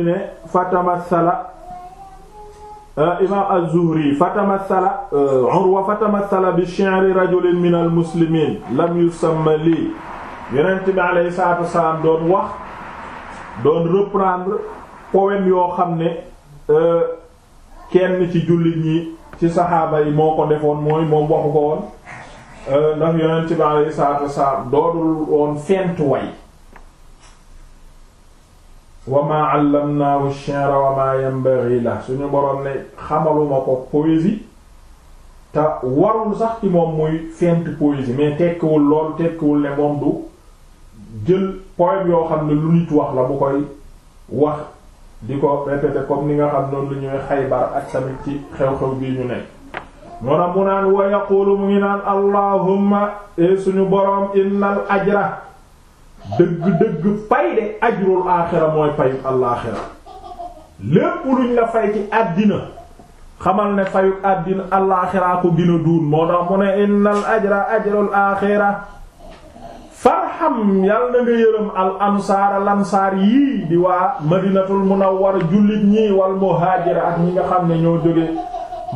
imaam az-Zuhri fatamassala euh, bi shi'ri rajulin min al-muslimiin lam yusamma lii yonent mi alayhi salaatu salaam doon wax doon reprendre poème yoo xam ne. kenn ci jullit ñi ci saxaaba yi moo ko defoon mooy moom waxu ko woon euh, ndax yonent bi alayhi salaatu wasalaam doodul woon fent way wa maa allamnaahu ash-shi'ra wa maa yanbaghi la suñu boroom ne xamaluma ko poésie te warul sax ci moom muy fent poésie mais tekkiwul lool tekkiwul ne moom du jël poème yoo xam ne lu nit wax la bu koy wax di ko répété comme ni nga xam noonu lu ñuy xaybar ak tamit ci xew-xew bii ñu nekk moo mu naan wa yaqulu mu ngi naan allahumma e suñu boroom innal ajra dëgg-dëgg pay de ajrul aaxira mooy payub alaaxira lépp luñ la fay ci àddina xamal ne fayub àddina alaaxiraa ko gën duun moo tax mu ne innal ajra ajrul aaxira farham yàlla na nga yërëm al ansaara lansaar yii di waa madinatul munawwara jullit ñi wal muhaajira ak ñi nga xam ne ñoo jóge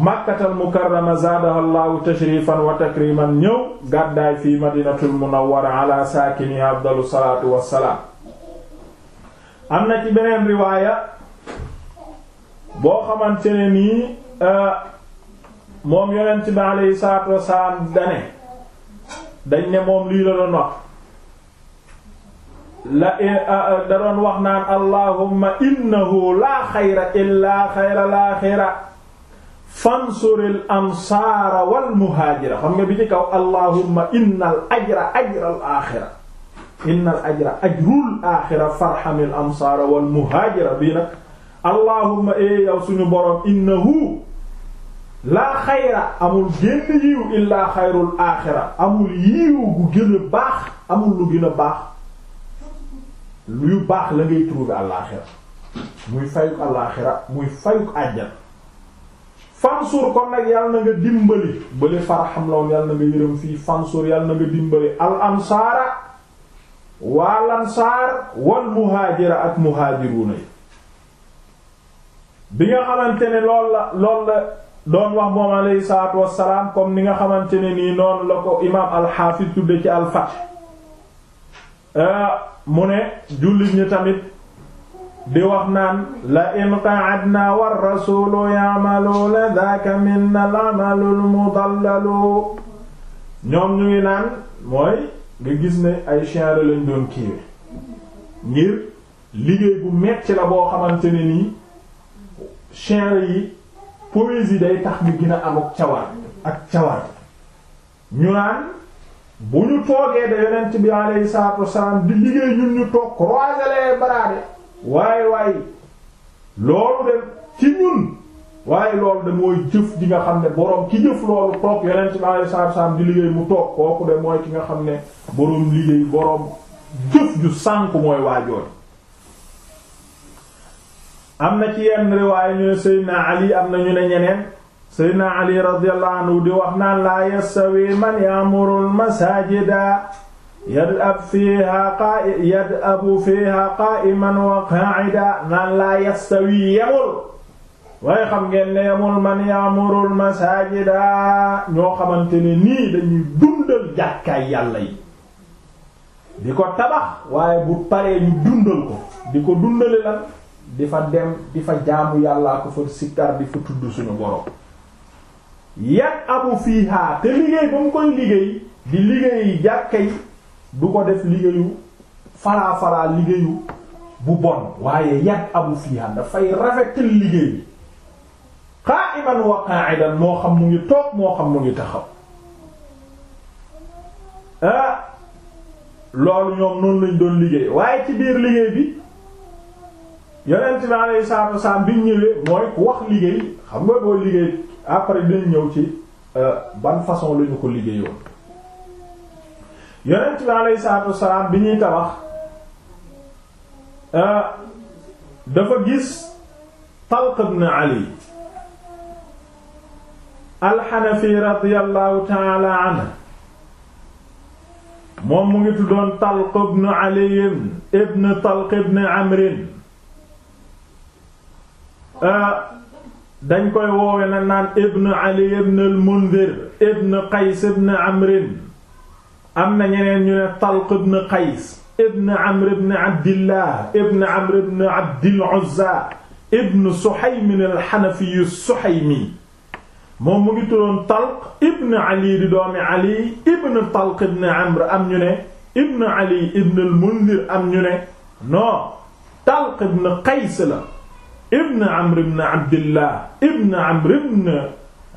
makkatal mukarrama zaadahallahu tashrifan wa takriman ñëw gàddaay fii madinatul munawwara ala saakini afdalu salaatu wassalaam am na ci beneen riwaaya boo xamante ne nii euh, moom yonent bi alayhi salaatu wassalaam dane dañ ne moom lii la doon wax la eh, ah, ah, da doon wax naan allahumma innahu laa xayra illaa xayra laa xayra fansuril ansaara wal muhaajira xam nga bi ci kaw allahumma innal ajra ajral aaxira innal ajra ajrul aaxira farhamil ansaara wal muhaajira bii nag allahumma ee eh, yow suñu boroom innahu laa xayra amul génn yiiw illaa xayrul aaxira amul yiiw gu gën a baax amul lu gën a baax. lu baax la ngay trouver àllaaxira muy fayuk àllaaxira muy fayuk àjjana fansur kon nag yàlla na nga dimbali bële faraxam lawoon yàlla na nga yërëm fii fansur yàlla na nga dimbali al ansaara wal ansaar wal ak muhaajiruuna yi bi nga xamante ne lool la lool la doon wax moom alayhi salaatu wassalaam comme ni nga xamante ne nii noonu la ko imaam alxaafis tudde ci alfath Euh, mu ne jullit ñi tamit di wax naan la in qa'adna war rasulu ya'malu la dhaka minna al-amalul mudallalu ñoom ñu ngi naan mooy nga gis ne ay chanre lañ doon kiiwe ngir liggéey bu metti la boo xamante nii chanre yi poésie day tax ñu gën a am ak ak cawar ñu naan bu ñu toogee da yonent bi alayhi salaatu wasalaam di liggéey ñun ñu toog croiser les bras de waaye waaye loolu de ci ñun waaye loolu de mooy jëf ji nga xam ne boroom ki jëf loolu toog yonent bi alayhi salaatu wasalaam di liggéey mu toog kooku de mooy ki nga xam ne boroom liggéey boroom jëf ju sànk mooy waajooy am na ci yenn riwaaya ñu ne Seydina Ali am na ñu ne ñeneen seydna ali radiyallahu anhu di wax naan laa yastawi man ya'murul masajida yad'ab fiha qa'i yad'abu fiha qa'iman wa qa'ida naan laa yastawi yemul waaye xam ngeen ne yemul man ya'murul masajida ñoo xamante ni nii dañuy dundal jàkkaay yàlla yi di ko tabax waaye bu paree ñu dundal ko di ko dundali lan di fa dem di fa jaamu yàllaa ko fa sikkar di fa tudd suñu borom yat abu fiiha te liggéey ba mu koy liggéey di liggéey jàkke yi du ko def liggéeyu faraa faraa liggéeyu bu bon waaye yat abu fiiha dafay rafetal liggéey bi qa'iman wa qa'idan moo xam mu ngi toog moo xam mu ngi taxaw ah, loolu ñoom noonu lañ doon liggéey waaye ci biir liggéey bi yonent bi alayhi salaatu wasalaam bi ñëwee mooy wax liggéey xam nga boo liggéey après dinañ ñëw ci euh, ban façon la ko liggéeyoon yonent bi alayhi salaatu wasalaam bi ñuy tabax euh, dafa gis Talq ibn Ali al-Hanafi radiyallahu moom mu ngi tuddoon Talq ibn Ali ibn Talq ibn Amr Euh, dañ koy woowe na naan ibn ali ibn al mundir ibn qays ibn na ñeneen ñu ne talq ibn qays ibn amr ibn abdillah ibn amr ibn abdil uzza ibn suhaym al hanafi ibn am ñu al mundir am ñu ne non talq ibn qays la ibn Amr ibn Abdillah ibn Amr ibn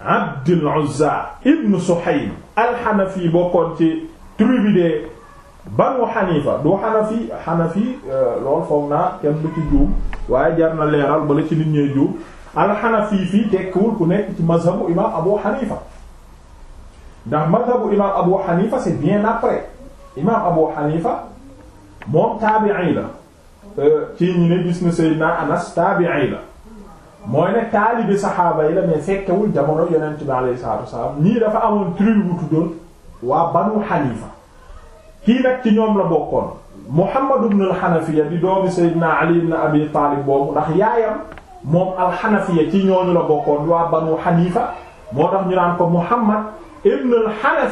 Abdil Uzza ibn Suhayb al-Hanafi bokkoon ci tribu de Banu Hanifa du Hanafi Hanafi euh, loolu foog naa kenn du ci juum waaye jar na leeral bala ci nit ñee juum al-Hanafi fii tekkiwul ku nekk ci mazhabu imaam Abu Hanifa ndax mazhabu imaam Abu Hanifa c'est bien après imaam Abu Hanifa moom taabi'i la. ci ñi ne gis na Seydina Anas taabi'i la mooy ne taalibi saxaaba yi la mais fekkewul jamono yonent bi alayhi salaatu wasalaam ñii dafa amoon tribu bu tuddoon waa Banu Hanifa kii nag ci ñoom la bokkoon Muhammad ibn al-Hanafiya di doomi Seydina Ali ibn Abi Taalib boobu ndax yaayam moom al ci ñooñu la bokkoon waa Banu Hanifa moo tax ñu naan ko Muhammad ibn al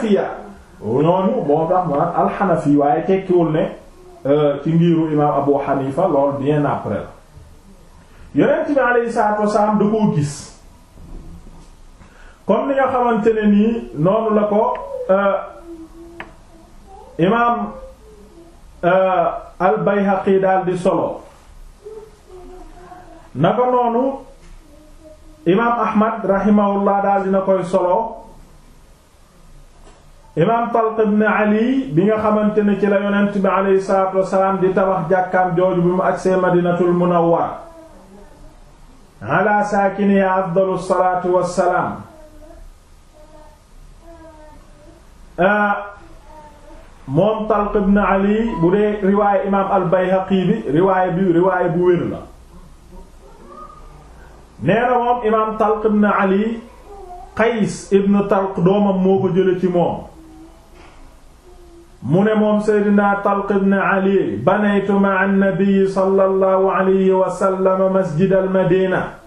ñooñu moo tax mu naan al waaye tekkiwul ne Euh, ci ngiiru imaam Abu Hanifa lool bien après la yonent bi alayhi salaatu wasalaam da koo gis comme ni nga xamante ne nii noonu la ko euh, imaam euh, al Bayhaqi daal di solo naka noonu imaam Ahmad rahimahullah daal dina koy solo imaam Talq ibn Ali bi nga xamante ni ci la yonent bi aleyhi salaatu wasalaam di tabax jàkkaam jooju bi mu agsee madinatul munawwara ala saakiniha afdalu salaatu wassalaam ah, moom Talq ibn Ali bu dee riwaayé imaam al-Bayhaqi bi riwaayé bu wér la nee na moom imaam Talq ibn Ali Qays ibn Talq doomam moo ko jële ci moom mu ne moom Seydina Talq ibn Ali banaytu ma'a an-nabi sallallahu alayhi wa sallam masjid al-Madina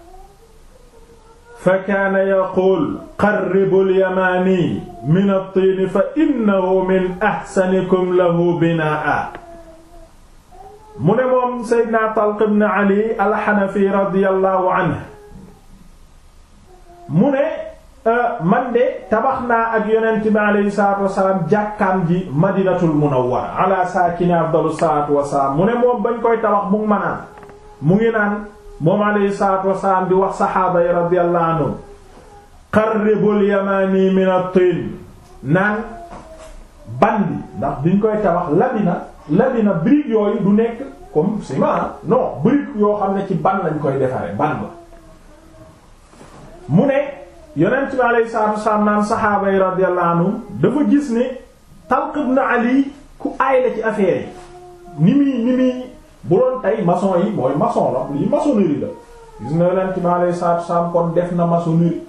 fa kaana yaquul qarribu al-yamaani min at-tiin fa innahu min ahsanikum lahu binaa'an mu ne moom Seydina Talq ibn Ali al-Hanafi radiyallahu anhu mu ne Euh, man de tabax naa ak yonent bi aleyhi salaatu wasalaam jàkkaam ji madinatul munawwara ala saakini afdalu salaatu wasalaam mu ne moom bañ koy tabax mu ngi ma ngi naan moom aleyhi salaatu wasalaam di wax saxaaba yi radiyallahu anhum qarribul yamani min at-tin naan ndax biñ koy tabax labina labina brique yooyu du nekk comme ciment non brique yoo xam ne ci ban lañ koy defaree ban la mu ne yonent bi alayhi salaatu wasalaam naan saxaaba yi radiyallahu anhum dafa gis ne Talq ibn Ali ku aay la ci affaire yi ni muy ni muy bu doon tey maçon yi mooy maçon la lii maçonnerie la gis nga yonent bi alayhi salaatu wasalaam kon def na maçonnerie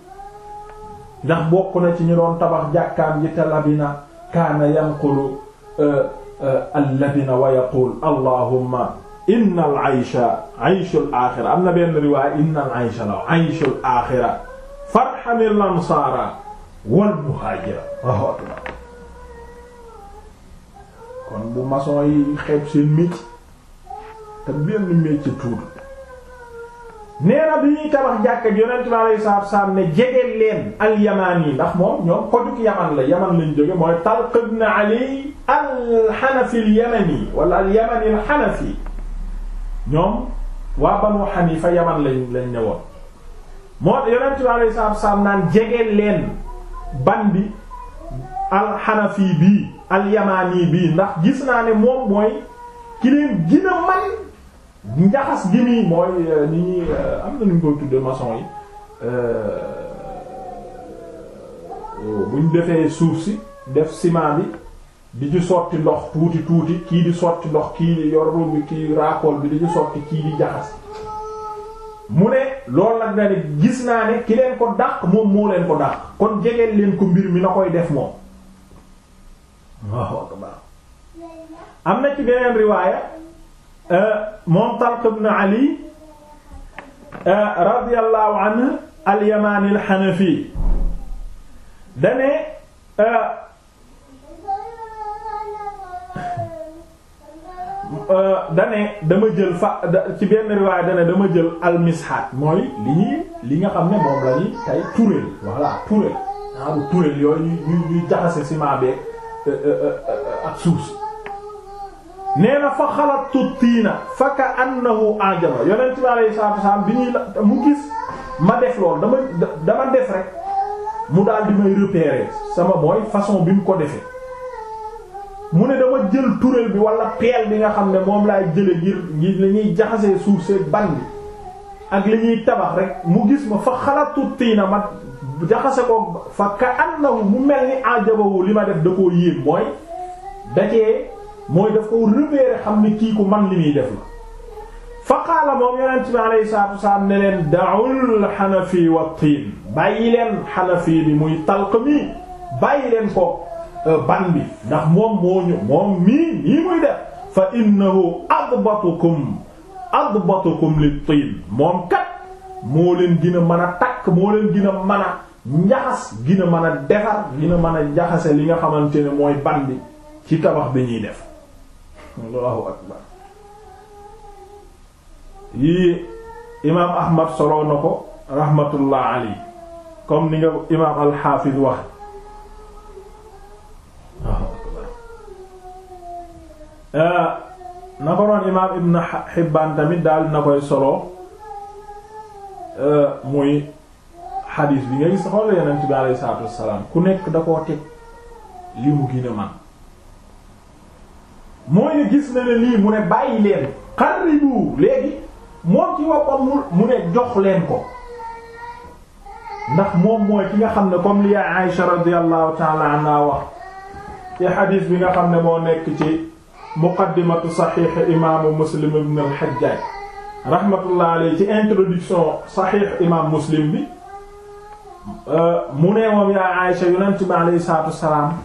ndax bokk na ci ñu doon tabax jàkkaam ji te labina kaana yanqulu euh, euh, allabina wa yaqul allahumma inna al aysha ayshul axira am na benn riwaay inna al aysha la ayshul axira farhamil ansaara wal muhaajira kon bu maçon yi xeeb seen métier te benn métier tuuti nee na bi ñuy tabax jàkka yonent bi alayhi salaatu ne jege leen al yamaan yi ndax moom ñoom ko yaman la yaman lañ jóge mooy Talq ibn Ali al xanafi al yamani wala al yamani al xanafi ñoom waa Banu Xanifa yaman lañ lañ ñëwoon. moo yonent bi alayhi salaatu salaam naan jege leen bi alxanafi bii alyamaani bii ndax gis naa ne moom mooy ki leen gën a njaxas gi nii mooy euh, ni ñuy euh, am na nu ñu koy tuddee maçon yi euh, oh, buñ defee suuf si def ciment bi di ci sotti ndox tuuti tuuti kii di sotti ndox ki yor bi kii raakool bi di ci sotti kii di jaxas mu ne loolu nag na ne gis naa ne ki leen ko dàq moom moo leen ko dàq kon jegeel leen ko mbir mi na koy def moom waaw am na ci beneen riwaaya euh, moom Talq ibn Ali euh, radiyallahu anhu al-Yamani dane euh, Euh, dane dama jël fa ci benn riwaay dane dama jël almishaat mooy li ñuy li nga xam ne moom la ñuy tey turéel voilà turéel ñaaru turéel yooyu ñuy ñuy jaxase ciment beeg euh, euh, ak suuf si nee na fa xalattu tiina fa ka annahu ajaba yonent bi alayhi salaatu wasalaam bi ñuy mu gis ma def loolu dama dama def rek mu daal di may repérer sama mooy façon bi mu ko defee mu ne dama jël turel bi wala peel bi nga xam ne moom laay jële ngir ngir li ñuy jaxasee suuf see ban ak li ñuy tabax rek mu gis ma fa xalatu tiina ma jaxase ko fa ka annahu mu mel ni ajabawu li ma def da koo yéem mooy dacee mooy daf ko repérer xam ni kii ku man li muy def la fa qaala moom yonent bi alayhi salaatu wasalaam ne leen xanafi wa tiin bàyyi leen xanafi bi muy talq mi bàyyi leen ko Euh, ban bi ndax moom moo ñu moom mii nii muy def fa innahu adbatukum adbatukum li tin moom kat moo leen gën a mën a takk moo leen gën a mën a njaxas gën a mën a defar gën a mën a njaxase li nga xamante ne mooy ban bi ci tabax bi ñuy def allahu akbar yii imaam ahmad solo na ko rahmatullah alayhi comme ni nga imaam alxaafiz wax Euh, na ko noon imaam Ibn Hibbaan tamit daal na koy solo euh, muy xadiis bi nga gis xool Yonent bi alayhi salaatu wassalaam ku nekk da koo teg li mu gën man mooy ne gis na ne lii mu ne bàyyi leen xaribu léegi moom ci woppam mu ne jox leen ko ndax moom mooy ki nga xam ne comme li Aysa radiyallahu ta'ala wax ci xadiis bi nga xam ne moo nekk ci muqaddimatu saxiix imaamu muslim ibn al-Hajjaj rahmatullah alayhi ci introduction saxiix imaam muslim bi mu ne moom yaa Aysa yonent bi alayhi salaatu salaam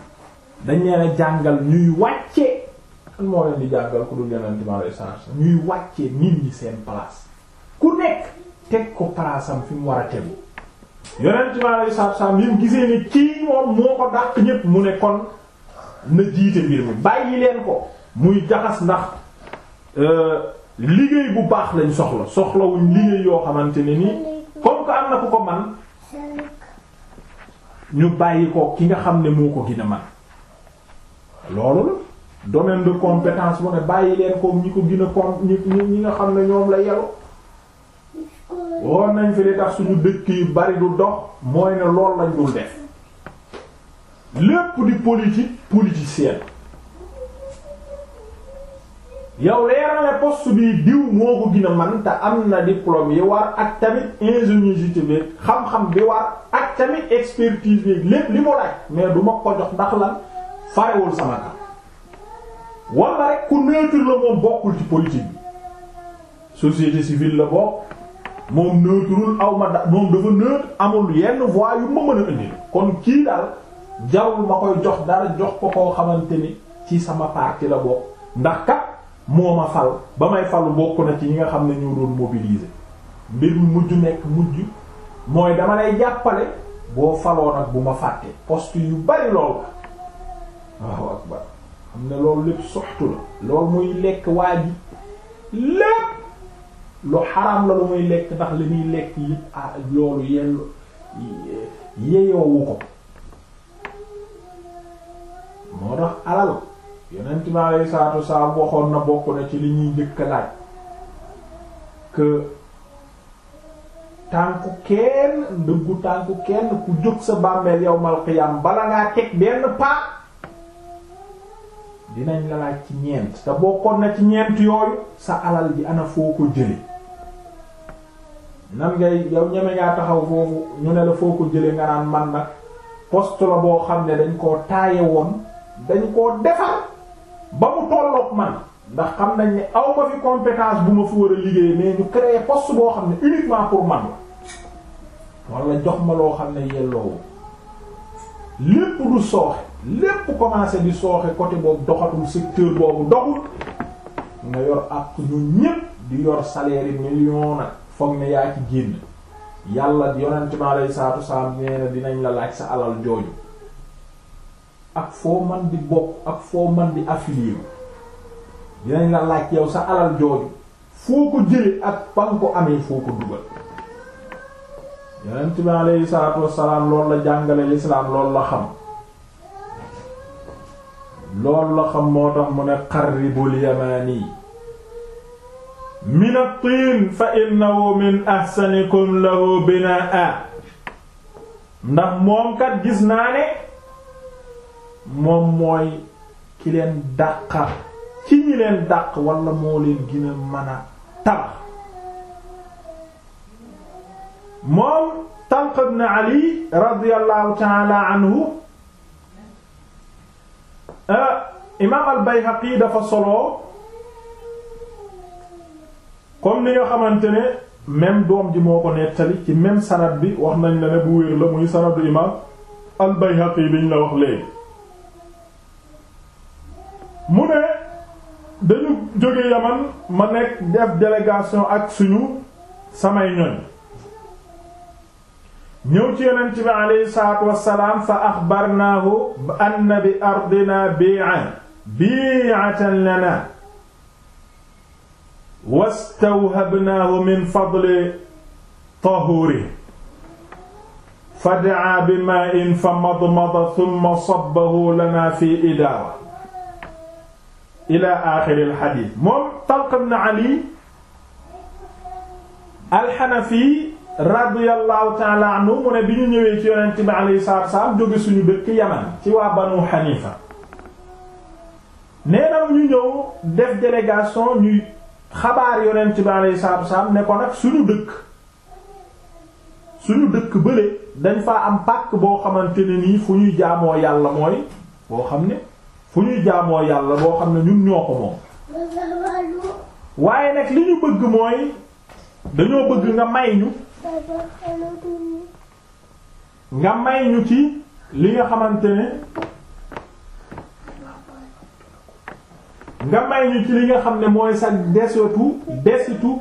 dañ leen a jàngal ñuy wàcce ku dul yonent bi alayhi salaatu nit ñi seen place ku nekk teg ko palaasam fi mu war a tegu yonent bi alayhi salaatu salaam yi mu gisee ne kii moom moo ko dàq ñépp mu ne kon na jiite mbir mi bàyyi leen ko. muy jaxas ndax euh, liggéey bu baax lañ soxla soxlawuñ liggéey yoo xamante ne nii comme que am na ku ko man ñu bàyyi ko ki nga xam ne moo ko gën a man loolu la domaine de compétence bu ne bàyyi leen ko ñi ko gën a ñi ñi nga xam ne ñoom la yelu woon nañ fi li tax suñu dëkk yi bari du dox mooy ne loolu lañ dul def lépp di politique politicienne yow leer na ne diw moo ko gën man te am na diplôme yi war ak tamit ingéniosité bi xam-xam bi war ak tamit expertise lépp li mu laaj mais du ma ko jox ndax lan farewul sama kan wala rek ku neutre la moom bokkul ci politique bi société civile la bokk moom neutrul aw ma da moom dafa neutre amul yenn voix yu ma mën a indi kon kii daal jarul ma koy jox dara jox ko koo xamante ni ci sama parti la bokk ndax kat moo ma fal ba may falu bokk na ci ñi nga xam ne ñoo doon mbir mujj nekk mujj mooy dama lay jàppale boo faloo nag bu ma fàtte poste yu bari lool waaw akbar xam ne loolu lépp soxtu la loolu muy lekk waa ji lépp lu xaraam la lu muy lekk ndax li muy lekk yëpp ah loolu yell yeyoowu ko moo tax alal yonent bi alayhi salaatu wasalaam waxoon na bokk na ci li ñuy njëkk a laaj que tànku kenn ndëggu tànku kenn ku jóg sa bàmmeel yawmal qiyaam bala ngaa teg benn paa dinañ la ci ñeent te bokkoon na ci ñeent yooyu sa alal ji ana foo ko jële nan ngay yow ñeme ngaa taxaw foofu ñu ne la foo ko jële nga naan man nag poste la boo xam ne dañ koo taaye woon dañ koo defar ba mu tolloog man ndax xam nañ ni aw ma fi compétence bu ma fi war a liggéey mais ñu créer post boo xam ne uniquement pour man la jox ma loo xam ne yelloowu lépp du sooxe lépp commencé di sooxe côté boobu doxatul secteur boobu doxul nga yor ak ñun ñépp di yor salaire yi million nag foog ne yaa ci génn yàlla yonent bi alayhi saatu wasalaam nee na dinañ la laaj sa alal jooju ak foo man di bokk ak foo man di affilié dinañ la laaj yow sa alal jooju foo ko jëlee ak ban ko amee foo ko dugal yonent bi salaatu wassalaam loolu la jàngale lislaam loolu la xam loolu la xam moo tax mu ne qarribul yamaani min at-tiin fa innahu min ahsanikum lahu binaa ndax moom kat gis naa ne moom mooy ki leen dàqa ci ñi leen dàq wala moo leen gën a mën a tabax moom Talq ibn Ali radiyallahu ta'ala anhu euh, imaam al-Bayhaqi dafa solo comme ni nga xamante ne même doom ji moo ko nettali ci même sanad bi wax nañ la ne bu wér la muy sanadu imaam al-Bayhaqi biñ la wax léegi jóge yaman ma nekk def délégation ak suñu samay ñoñ ñëw ci yonent bi aleyhi salaatu wassalaam fa axbarnaahu anna bi ardina bi'an bi'atan lana wastawhabnaahu min fadli tahuri fa da'a bi maa'in fa madmada thumma sabbahu lana fi idaawa ila axiri alxadit moom Talq ibn Ali alxanafi radiyallahu taala anhu mu ne bi ñu ñëwee ci yonent bi alayhi salaatu jóge suñu dëkk Yaman ci waa Banu Xanifa nee na ñu ñëw def délégation ñuy xabaar yonent bi alayhi salaatu ne ko nag suñu dëkk suñu dëkk bële dañ faa am pàkk boo xamante ne fu ñuy jaamoo yàlla mooy boo xam ne fu ñuy jaamoo yàlla boo xam ne ñun ñoo ko moom waaye nag li ñu bëgg mooy dañoo bëgg nga may ñu nga may ñu ci li nga xamante ne nga may ñu ci li nga xam ne mooy sa desetu desitu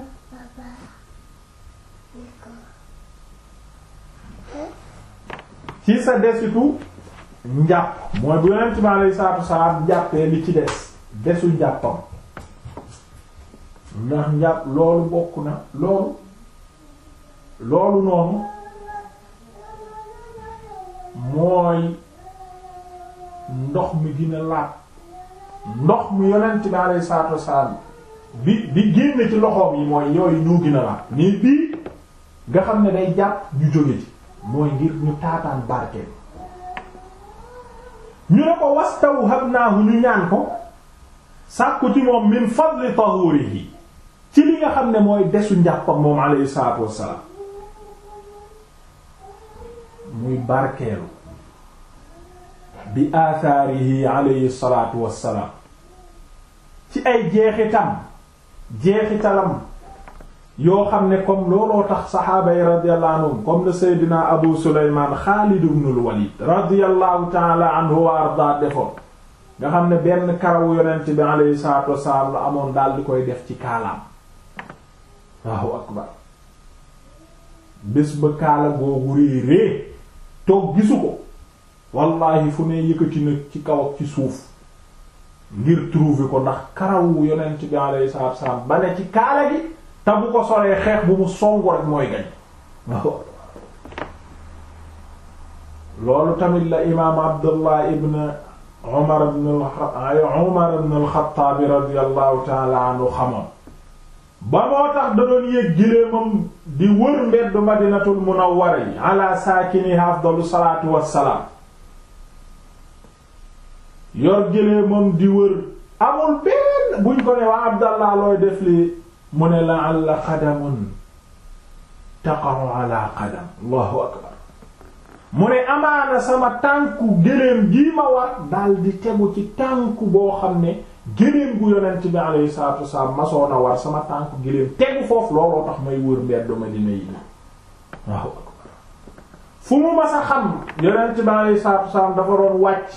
ci sa desitu njàpp mooy bu yonent bi alayhi salaatu ci des desu njàppam ndax njàpp bokk na loolu loolu noonu mi gën a ndox mi yonent bi alayhi salaatu ci loxoom yi yooyu ñoo gën a laat mais bii nga xam ne day jàpp ñu jóge ci mooy ngir ñu taataan barkeel ñu ne ko wastawhabnaahu ñu ñaan ko sàkku ci moom min fadli tahuurihi ci li nga xam ne mooy desu njàppam moom alayhi salaatu wassalaam muy barkeelu bi aasaarihi alayhi ci ay jeexitam jeexitalam yoo xam ne comme looloo tax saxaaba yi radiyallahu anhum comme le seydina abu suleymaan xaalid ibnul walid radiyallahu taala anhu wa defoon nga xam ne benn karawu yonent bi alayhi salaatu wassalaam amoon daal di koy def ci kaalaam waaw akbar bés ba kaala googu réy rée toog gisu ko wallahi fu ne yëkkati ci kaw ak ci suuf ngir trouver ko ndax karawu yonent bi alayhi salaatu wassalaam ba ci kaala gi te bu ko solee xeex bu mu songu rek mooy gañ waaw loolu tamit la imaam Abdullah ibn Umar ibn Umar ibn al-Khattab radiyallahu ta'ala anhu xamoon ba moo tax da doon yëg giléemam di wër mbedd Madinatul Munawwara yi ala saakini afdalu salaatu wassalaam yor giléemam di wër amul benn buñ ko ne waa Abdallah looy def li mu ne la'alla qadamun taqa'u ala qadam allahu akbar mu ne amaana sama tànku géléem gii ma war dal tegu ci tànku boo xam ne géléem gu yonent bi alayhi salaatu wasalaam masoon a war sama tànku géléem tegu foofu looloo tax may wër mbeddu Madina yi waaw fu mu mas xam yonent bi alayhi salaatu dafa doon wàcc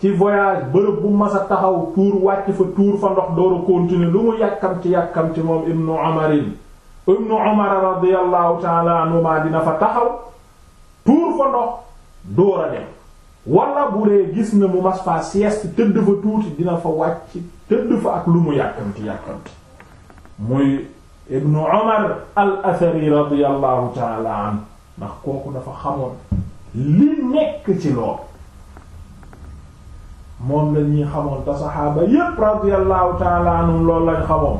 ci voyage bërëb bu mas a taxaw tuur wàcc fa tuur fa ndox door a lu mu yàkkamti yàkkamti moom ibnu omarin ibnu omara radiallahu taala anhuma dina fa taxaw tuur fa ndox door a dem wala bu dee gis na mu mas fa sieste tëdd fa tuuti dina fa wàcc tëdd fa ak lu mu yàkkamti yàkkamti muy ibnu omar al athari radiallahu taala anhu ndax kooku dafa xamoon li nekk ci lool moom la ñuy xamoon te saxaaba yépp radiyallahu ta'ala anhum loolu lañ xamoon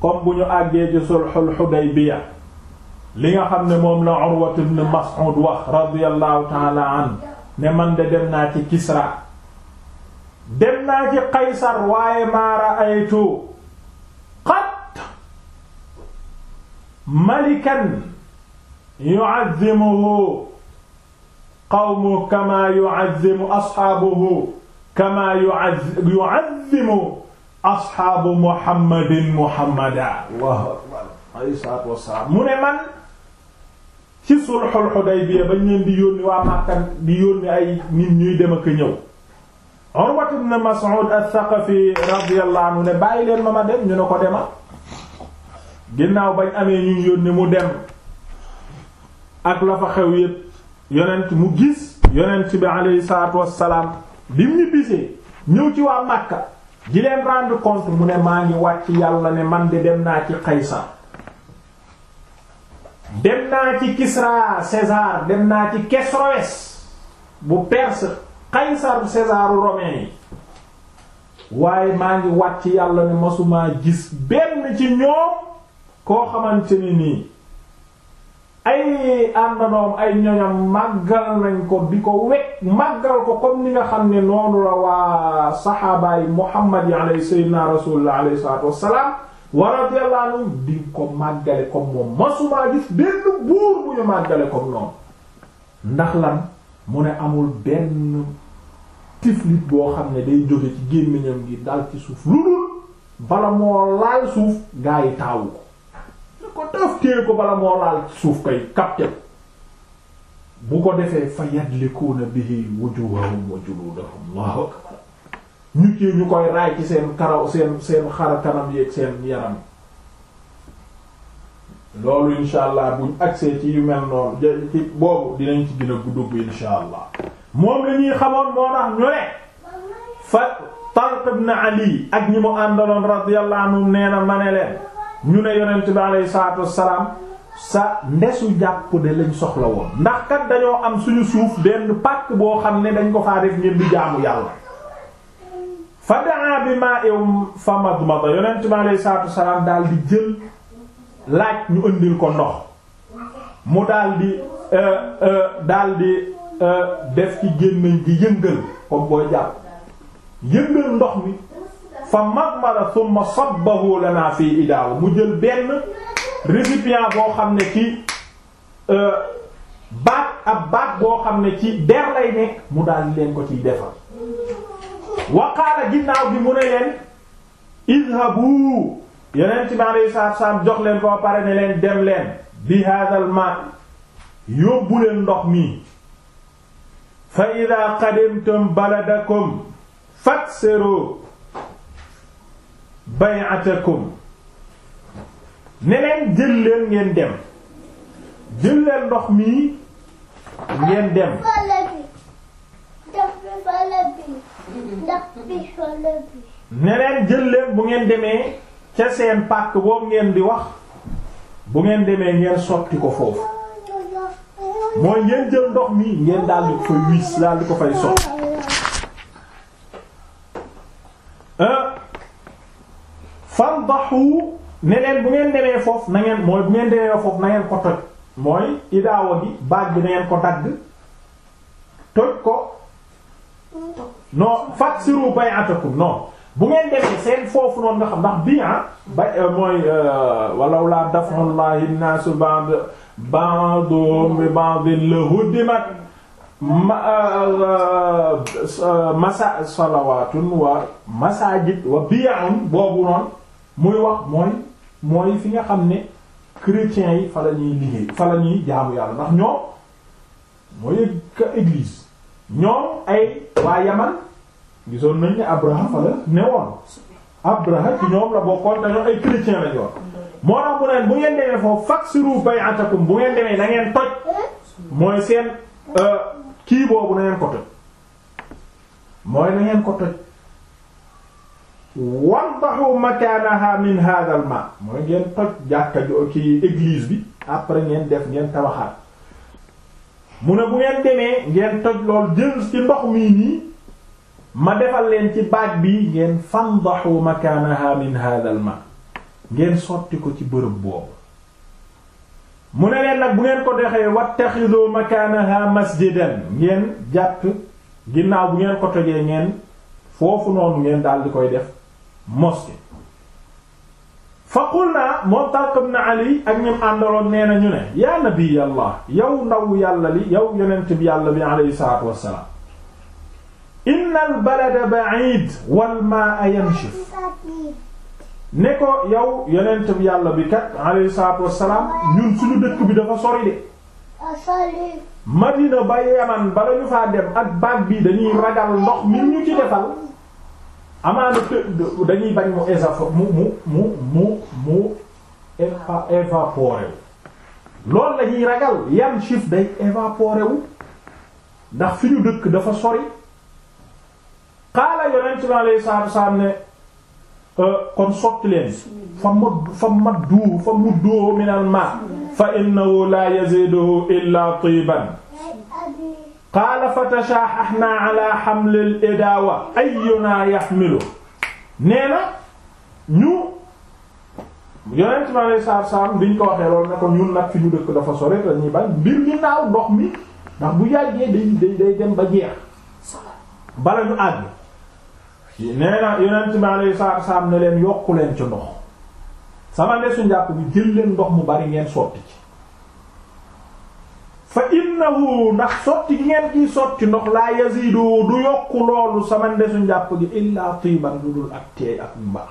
comme bu ñu àggee ci sulhul Hudaybiya li nga xam ne moom la Urwa ibn Mas'ud wax radiyallahu ta'ala an ne man de dem naa ci Kisra dem naa ci Qaysar waaye maa ra'aytu qat malikan yu'azzimuhu qawmu kama yu'azzimu asxaabuhu kama yu'azzimu asxaabu muhammadin muhammadan allahu akbar alayhi salaatu wassalaam mu ne man ci sulhul Hudaybiya bañ leen di yónni waa Makka di yónni ay nit ñuy dem ak ñëw Urwat ibn Mas'ud ath-Thaqafi radiyallahu anhu ne bàyyi leen ma ma dem ñu ne ko demal ginnaaw bañ amee ñu yónni mu dem ak la fa xew yépp yonent mu gis yonent bi alayhi salaatu wassalaam bi mu ñu ñëw ci waa Makka di leen rendre mu ne maa ngi wàcc yàlla ne man de dem naa ci Qaysar dem naa ci Kisra César dem naa ci Kesroes bu Perse Qaysar César romain yi waaye maa ngi wàcc yàlla ne masumaa gis benn ci ñoom koo xamante ni nii ay àndandoom ay ñoñam màggal nañ ko bi ko wekk màggal ko comme ni nga xam ne noonu la waa saxaabaay Muhammad yi alayhi sayyidina rasulullah alayhi salaatu wassalaam wa radiyallahu anhu di ko màggale comme moom masumaa gis benn buur bu ñu màggale comme noonu ndax lan mu ne amul benn tiflit boo xam ne day jóge ci gémmiñam gi dal ci suuf lu dul bala moo laal suuf gaa yi taawu ko ko daf téye ko bala moo laal suuf kay kapte bu ko defee fa yadlikuuna bihi wujuhahum wa juludahum Allahu akbar ñu ci ñu koy seen karaw seen loolu insha buñ agsee ci yu mel noonu boobu dinañ ci gën a guddugg insha moom la xamoon moo tax ñu ne fa Talq ibn Ali ak ñi mu àndaloon radiyallahu nee na ma ñu ne yonent bi alayhi salaatu wassalaam sa ndesu jàpp de lañ soxla woon ndax kat dañoo am suñu suuf benn pàkk boo xam ne dañ ko faa def ngeen di jaamu yàlla fa daa bi maa ew fa madmada yonent bi alayhi salaatu wassalaam daal di jël laaj ñu ëndil ko ndox mu daal di euh, euh, daal di euh, def ci gémmiñ gi yëngal comme booy jàpp yëngal ndox mi fa madmada thumma sabbahu lana fi idaaw mu jël benn récipient boo xam ne ci euh, baat ab baat boo xam ne ci der lay nekk mu daal leen ko ciy defal waqaala ginnaaw bi mu ne leen idhabu yeneen ci maa ngi saabsaab jox leen koo pare ne leen dem leen bi hadal ma yóbbu leen ndox mi fa idha qadimtum baladakum fatsiru bay'atakum ne leen jël leen ngeen dem jël leen ndox mi ngeen dem ne leen jël leen bu ngeen demee ca seen pàkk boobu ngeen di wax bu ngeen demee ngeen sotti ko foofu mooy ngeen jël ndox mi ngeen daldi ko fay wiis daldi ko fay sotti ah fandaxu ne leen bu ngeen demee foofu nangeen mooy bu ngeen demee foofu nangeen ngeen ko toj mooy idaawa bi baaj bi na ngeen ko dagg toj ko non faksiru bay'atakum non bu ngeen demee seen foofu noonu nga ndax bii ah ba euh, mooy euh, walaw la daf'ullahi an-nasu ba'd ba'dhum bi ba'din lahuddimat euh, masa salawatun wa masajid wa bi'un boobu noonu muy wax mooy mooy fi nga xam ne chrétiens yi fa la ñuy liggéey fa la ñuy jaamu yàlla ndax ñoom mooy église ñoom ay waa yaman gisoon nañ ne Abraha fa la ne woon Abraha ci ñoom la bokkoon dañoo ay chrétiens lañ moo tax mu ne bu ngeen demee foofu faksiru bay'atakum bu ngeen demee na ngeen toj mooy seen euh, kii boobu na ngeen ko toj mooy na ko toj wandaxu makaanaha min hadal ma mooy ngeen toj jàkka ci église bi après ngeen def ngeen tabaxaat mu ne bu ngeen demee ngeen toj lool jël ci ndox mii nii ma defal leen ci baag bi ngeen fandaxu makaanaha min hadal ma ngeen sotti ko ci bërëb boobu mu ne leen nag bu ngeen ko dexee wattaxidu makaanaha masjidan ngeen jàpp ginnaaw bu ngeen ko tojee ngeen foofu noonu ngeen daal di koy def mosquée fa qulna moom Talq ibn Ali ak ñim àndaloon nee na ñu ne yaa nabi allah yow ndaw yàlla li yow yonent bi yàlla bi alayhi salaatu wassalaam inna al balada wal maa yanshif ne ko yow yonent bi yàlla bi kat alayhi salaatu wassalaam ñun suñu dëkk bi dafa sori de madina ba yaman bala ñu faa dem ak baag bi dañuy ragal ndox mi ñu ci defal amaana dañuy bañ mu évapo mu mu mu mu mu évaporé wu loolu la ñuy ragal yan chiffre day évaporé ndax fi ñu dëkk dafa sori xaala yonent bi alayhi salaatu wasalaam ne euh, kon sotti leen fa mad fa maddu fa muddu min al ma fa innahu la yaziduhu illa tiban qaala fa tashaaxaxnaa ala xamlil idaawa ayyunaa yaxmilu nee na ñu yonent mi alayhi salaatu salaam biñ ko waxee loolu ne ko ñun nag fi ñu dëkk dafa sore te ñuy bañ mbir mi naaw ndox mi ndax bu yàggee day day dem ba jeex bala ñu àgg nee na yonent mi alayhi salaatu salaam ne leen yokku leen ci ndox sama ne su bi jël leen ndox mu bari ngeen sotti ci fa innahu ndax sotti gi ngeen kii sotti ndox laa yazidu du yokk loolu sama ndesu njàpp gi illaa tiiban lu dul ak teey ak mbaax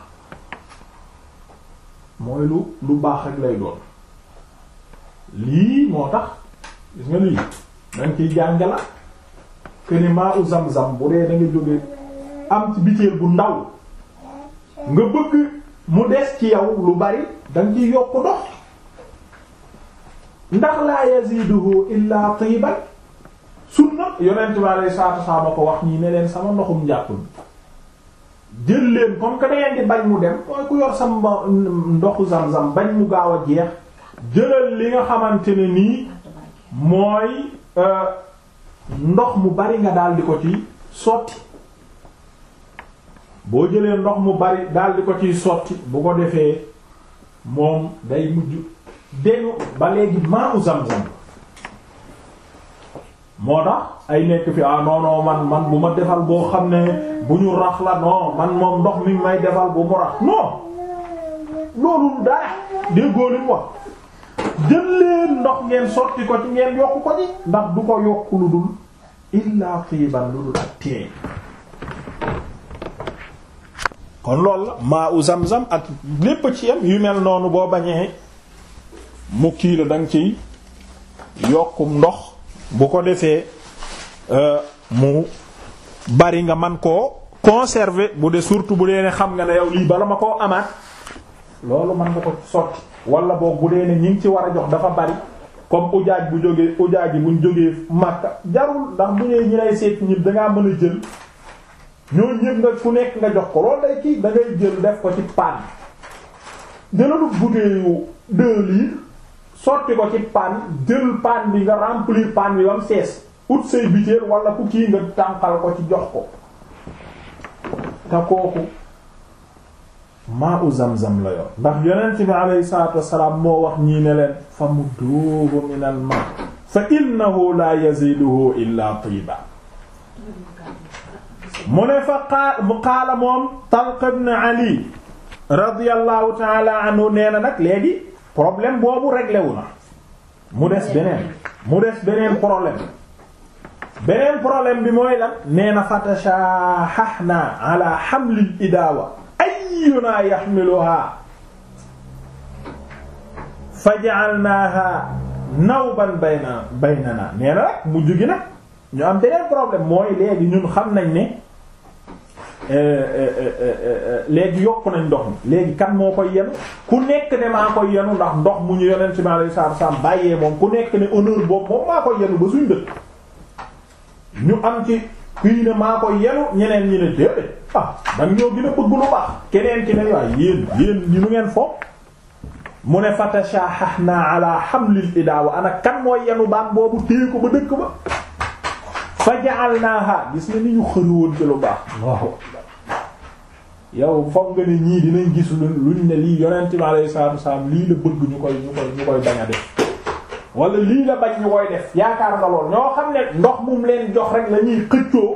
mooy lu lu baax rek lay doon lii moo tax gis nga lii dañ ciy jàngala këni maa u zam-zam bu dee da nga am ci biteel bu ndaw nga bëgg mu des ci yow lu bari danga ciy yokku ndox ndax laa yaziduhu illa tiiban sunna yonent bi alei salatu salaam ko wax ñii ne leen sama ndoxum njàpp jël leen comme que da di bañ mu dem mooy ku yor sama ndoxu zam-zam bañ mu gaaw a jeex jëlal li nga xamante ne nii mooy euh, ndox mu bari nga daal di ko ci sotti boo jëlee ndox mu bari daal di ko ci sotti bu ko defee moom day mujj deñu ba léegi maamu zam-zam moo tax ay nekk fi ah man man bu ma defal boo xam ne bu ñu rax la non man moom ndox mi may defal bu mu rax non loolu dara déggoo li mu wax jël ndox ngeen sotti ko ci ngeen yokk ko ci ndax du ko yokk lu dul illaa tiiban lu dul ak teey kon loolu la maa u zam-zam ak lépp ci yam yu mel noonu boo bañee mu kii la da nga yokkum ndox bu ko defee euh, mu bari nga man koo conserver bu dee surtout bu dee ne xam nga ne yow lii bala ma koo amaat loolu mën nga ko sotti wala boog bu dee ne ñi ngi ci war a jox dafa bari comme ujaaj bu jógee ujaaj yi buñ jógee Makka jarul ndax bu ñëwee ñi lay seet ñib dangaa mën a jël ñooñu ñëpp nga ku nekk nga jox ko loolu day kii dangay ngay jël def ko ci paan jëlalul bouteille yu deux litres sotti ko ci paan jël paan bi nga remplir paan bi ba mu fees ut say biteel wala ku kii nga tànqal ko ci jox ko te kooku maa u zamzam la yor ndax yonent bi alayhi salaatu wassalaam moo wax ñii ne leen fa mudduuhu min al ma fa innahu la yaziduhu illa tiiba mu ne fa qaala moom Talq ibn Ali radiyallahu ta'ala anhu nee na nag léegi problème boobu réglé wu mu des beneen mu des beneen problème beneen problème bi mooy lan nee na fatashahahna ala hamlil idawa ayyuna yahmiluha faj'alnaha nawban bayna baynana nee na rek mu jugi nag ñu am beneen problème mooy léegi ñun xam nañ ne Euh, euh, euh, léegi yokk nañ ndox mi léegi kan moo koy yenu ku nekk ne maa koy yenu ndax ndox mu ñu yonent ci ma lay saar bàyyee moom ku nekk ne honneur boobu moom maa koy yenu ba suñ dëkk ñu am ci kuy ne maa koy yenu ñeneen ñi ne déedéet ah dañ ñoo gën a bëgg lu baax keneen ki ne waaye yéen yéen ñu nu ngeen foog mu ne fatashahahna ala hamlil idaa wa ana kan mooy yenu baan boobu téye ko ba dëkk ba fa ja'alnaaha gis nga ni ñu xëri woon ci lu baax yow foog nga ne ñii dinañ gis luñ ne lii yonent bi alayhi salaatu wasalaam lii la bëgg ñu koy ñu koy bañ a def wala lii la bañ ñu koy def yaakaar nga lool ñoo xam ne ndox mum leen jox rek la ñuy xëccoo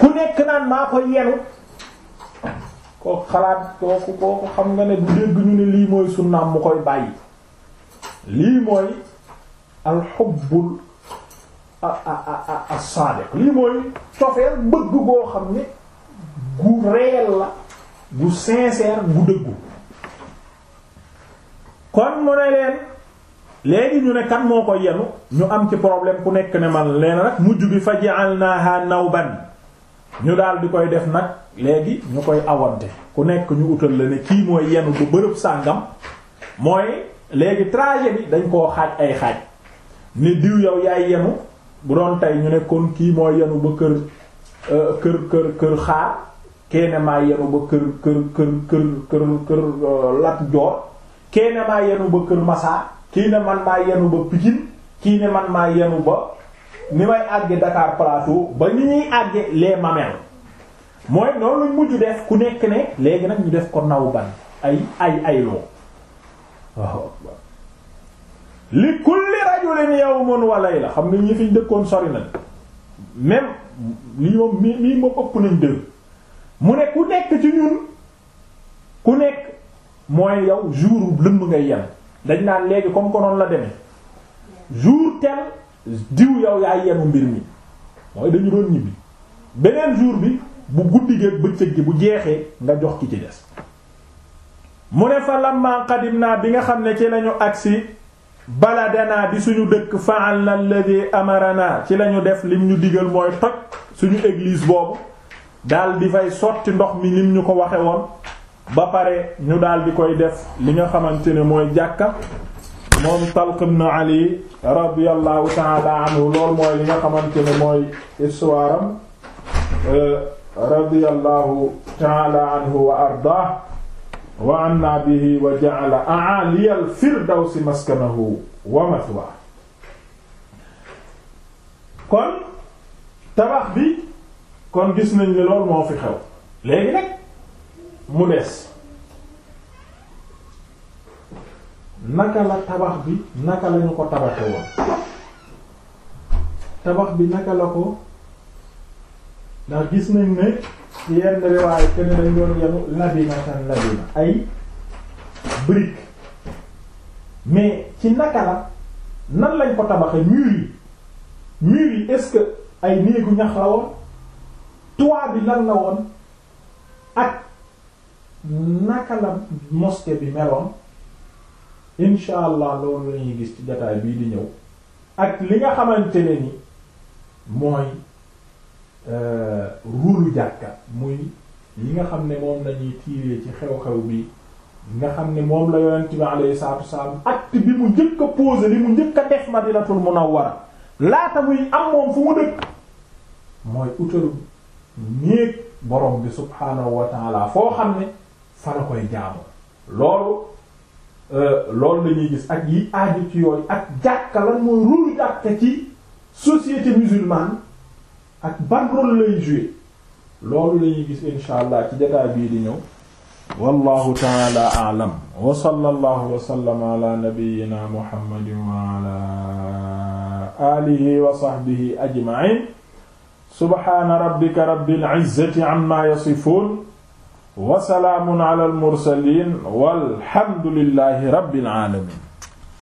ku nekk naan maa koy yenu koo xalaat kooku kooku xam nga ne bu dégg ñu ne lii mooy sunnaam mu koy bàyyi lii mooy alxubbul as-saadiq lii mooy cofeel bëgg boo xam ne gu réel la gu sincère gu dëggu kon mu ne leen léegi ñu ne kan moo ko yenu ñu am ci problème ku nekk ne man leen nag mujj bi fa naw ban ñu daal di koy def nag léegi ñu koy awante ku nekk ñu utal la ne kii mooy yenu bu bërëb sàngam mooy léegi trajet bi dañ koo xaaj ay xaaj ne diw yow yaay yenu bu doon tey ñu ne kon kii moo yenu ba kër euh, kër kër kër xaar keene maa yenu ba kër kër kër kër euh, Lat Joor keene maa yenu ba kër Masaa kii ne man maa yenu ba Pikine kii ne man maa yenu ba ni may àgge Dakar Plateau ba ni ñuy àgge les Mamelles mooy noonu mujj def ku nekk ne léegi nag ñu def ko naw ban ay ay ay li kulli rajulin yawmun wa layla xam nga ñi fiñ dëkkoon sori nañ même li moom mi mii moom ëpp nañ dëgg mu ne ku nekk ci ñun ku nekk mooy yow jour lëmm ngay yem dañ naan léegi comme ko noonu la demee jour tel diw yow yaa yenu mbir mi mooy dañu doon ñibbi beneen jour bi bu guddi gi bëccëg bu jeexee nga jox ki ci des mu ne fa lamma qadim naa bi nga xam ne ci lañu agsi baladanaa di suñu dëkk fa'alna la amarana ci lañu def lim ñu digal mooy toj suñu église boobu daal di fay sotti ndox mi lim ñu ko waxe woon ba pare ñu daal di koy def li nga xamante ne mooy jàkka moom Talq ibn Ali radiyallahu ta'ala anhu loolu mooy li nga xamante ne mooy histoire am euh, radiyallahu ta'ala wa ardaa wa anna bihi wa ja'ala a'aliyal firdawsi maskanahu wa mathwa kon tabax bi kon gis nañ ne lool moo fi xew léegi nag mu des naka la tabax bi naka lañu ko tabaxe tabax bi naka la ko ndax gis nañ ne ci yenn riwaay labina ay brique mais ci naka nan lañ ko tabaxe mur yi mur yi est-ce ay néegu ñax la woon toit bi lan la woon ak naka la bi meloon incha allah loolu gis ci jotaay bii di ñëw ak li nga xamante ne ni mooy Euh, ruulu jàkka muy yi nga xam ne moom lañuy tiiree ci xew-xew bi nga xam ne moom la yonent bi alayhi salaatu wasalaam acte bi mu njëkk a posé li mu njëkk a def Madinatul Munawwara laata muy am moom fu mu dëkk mooy utalu néeg borom bi subhaanahu wa foo xam ne fa la koy jaamu loolu euh, loolu lañuy gis ak yi aaju ci yooyu ak jàkka lan mooy ruulu jàkka ci société musulmane ak ban rôle lay jouer loolu lañuy gis insha allah ci jotaay bii di ñëw wallahu taala a'lam wa sallallahu wa sallama ala nabiyyina muhammadin wa ala alihi wa sahbihi ajma'in subhana rabbika rabbil izzati amma yasifun wa salaamun ala al mursalin walhamdulillahi rabbil alamin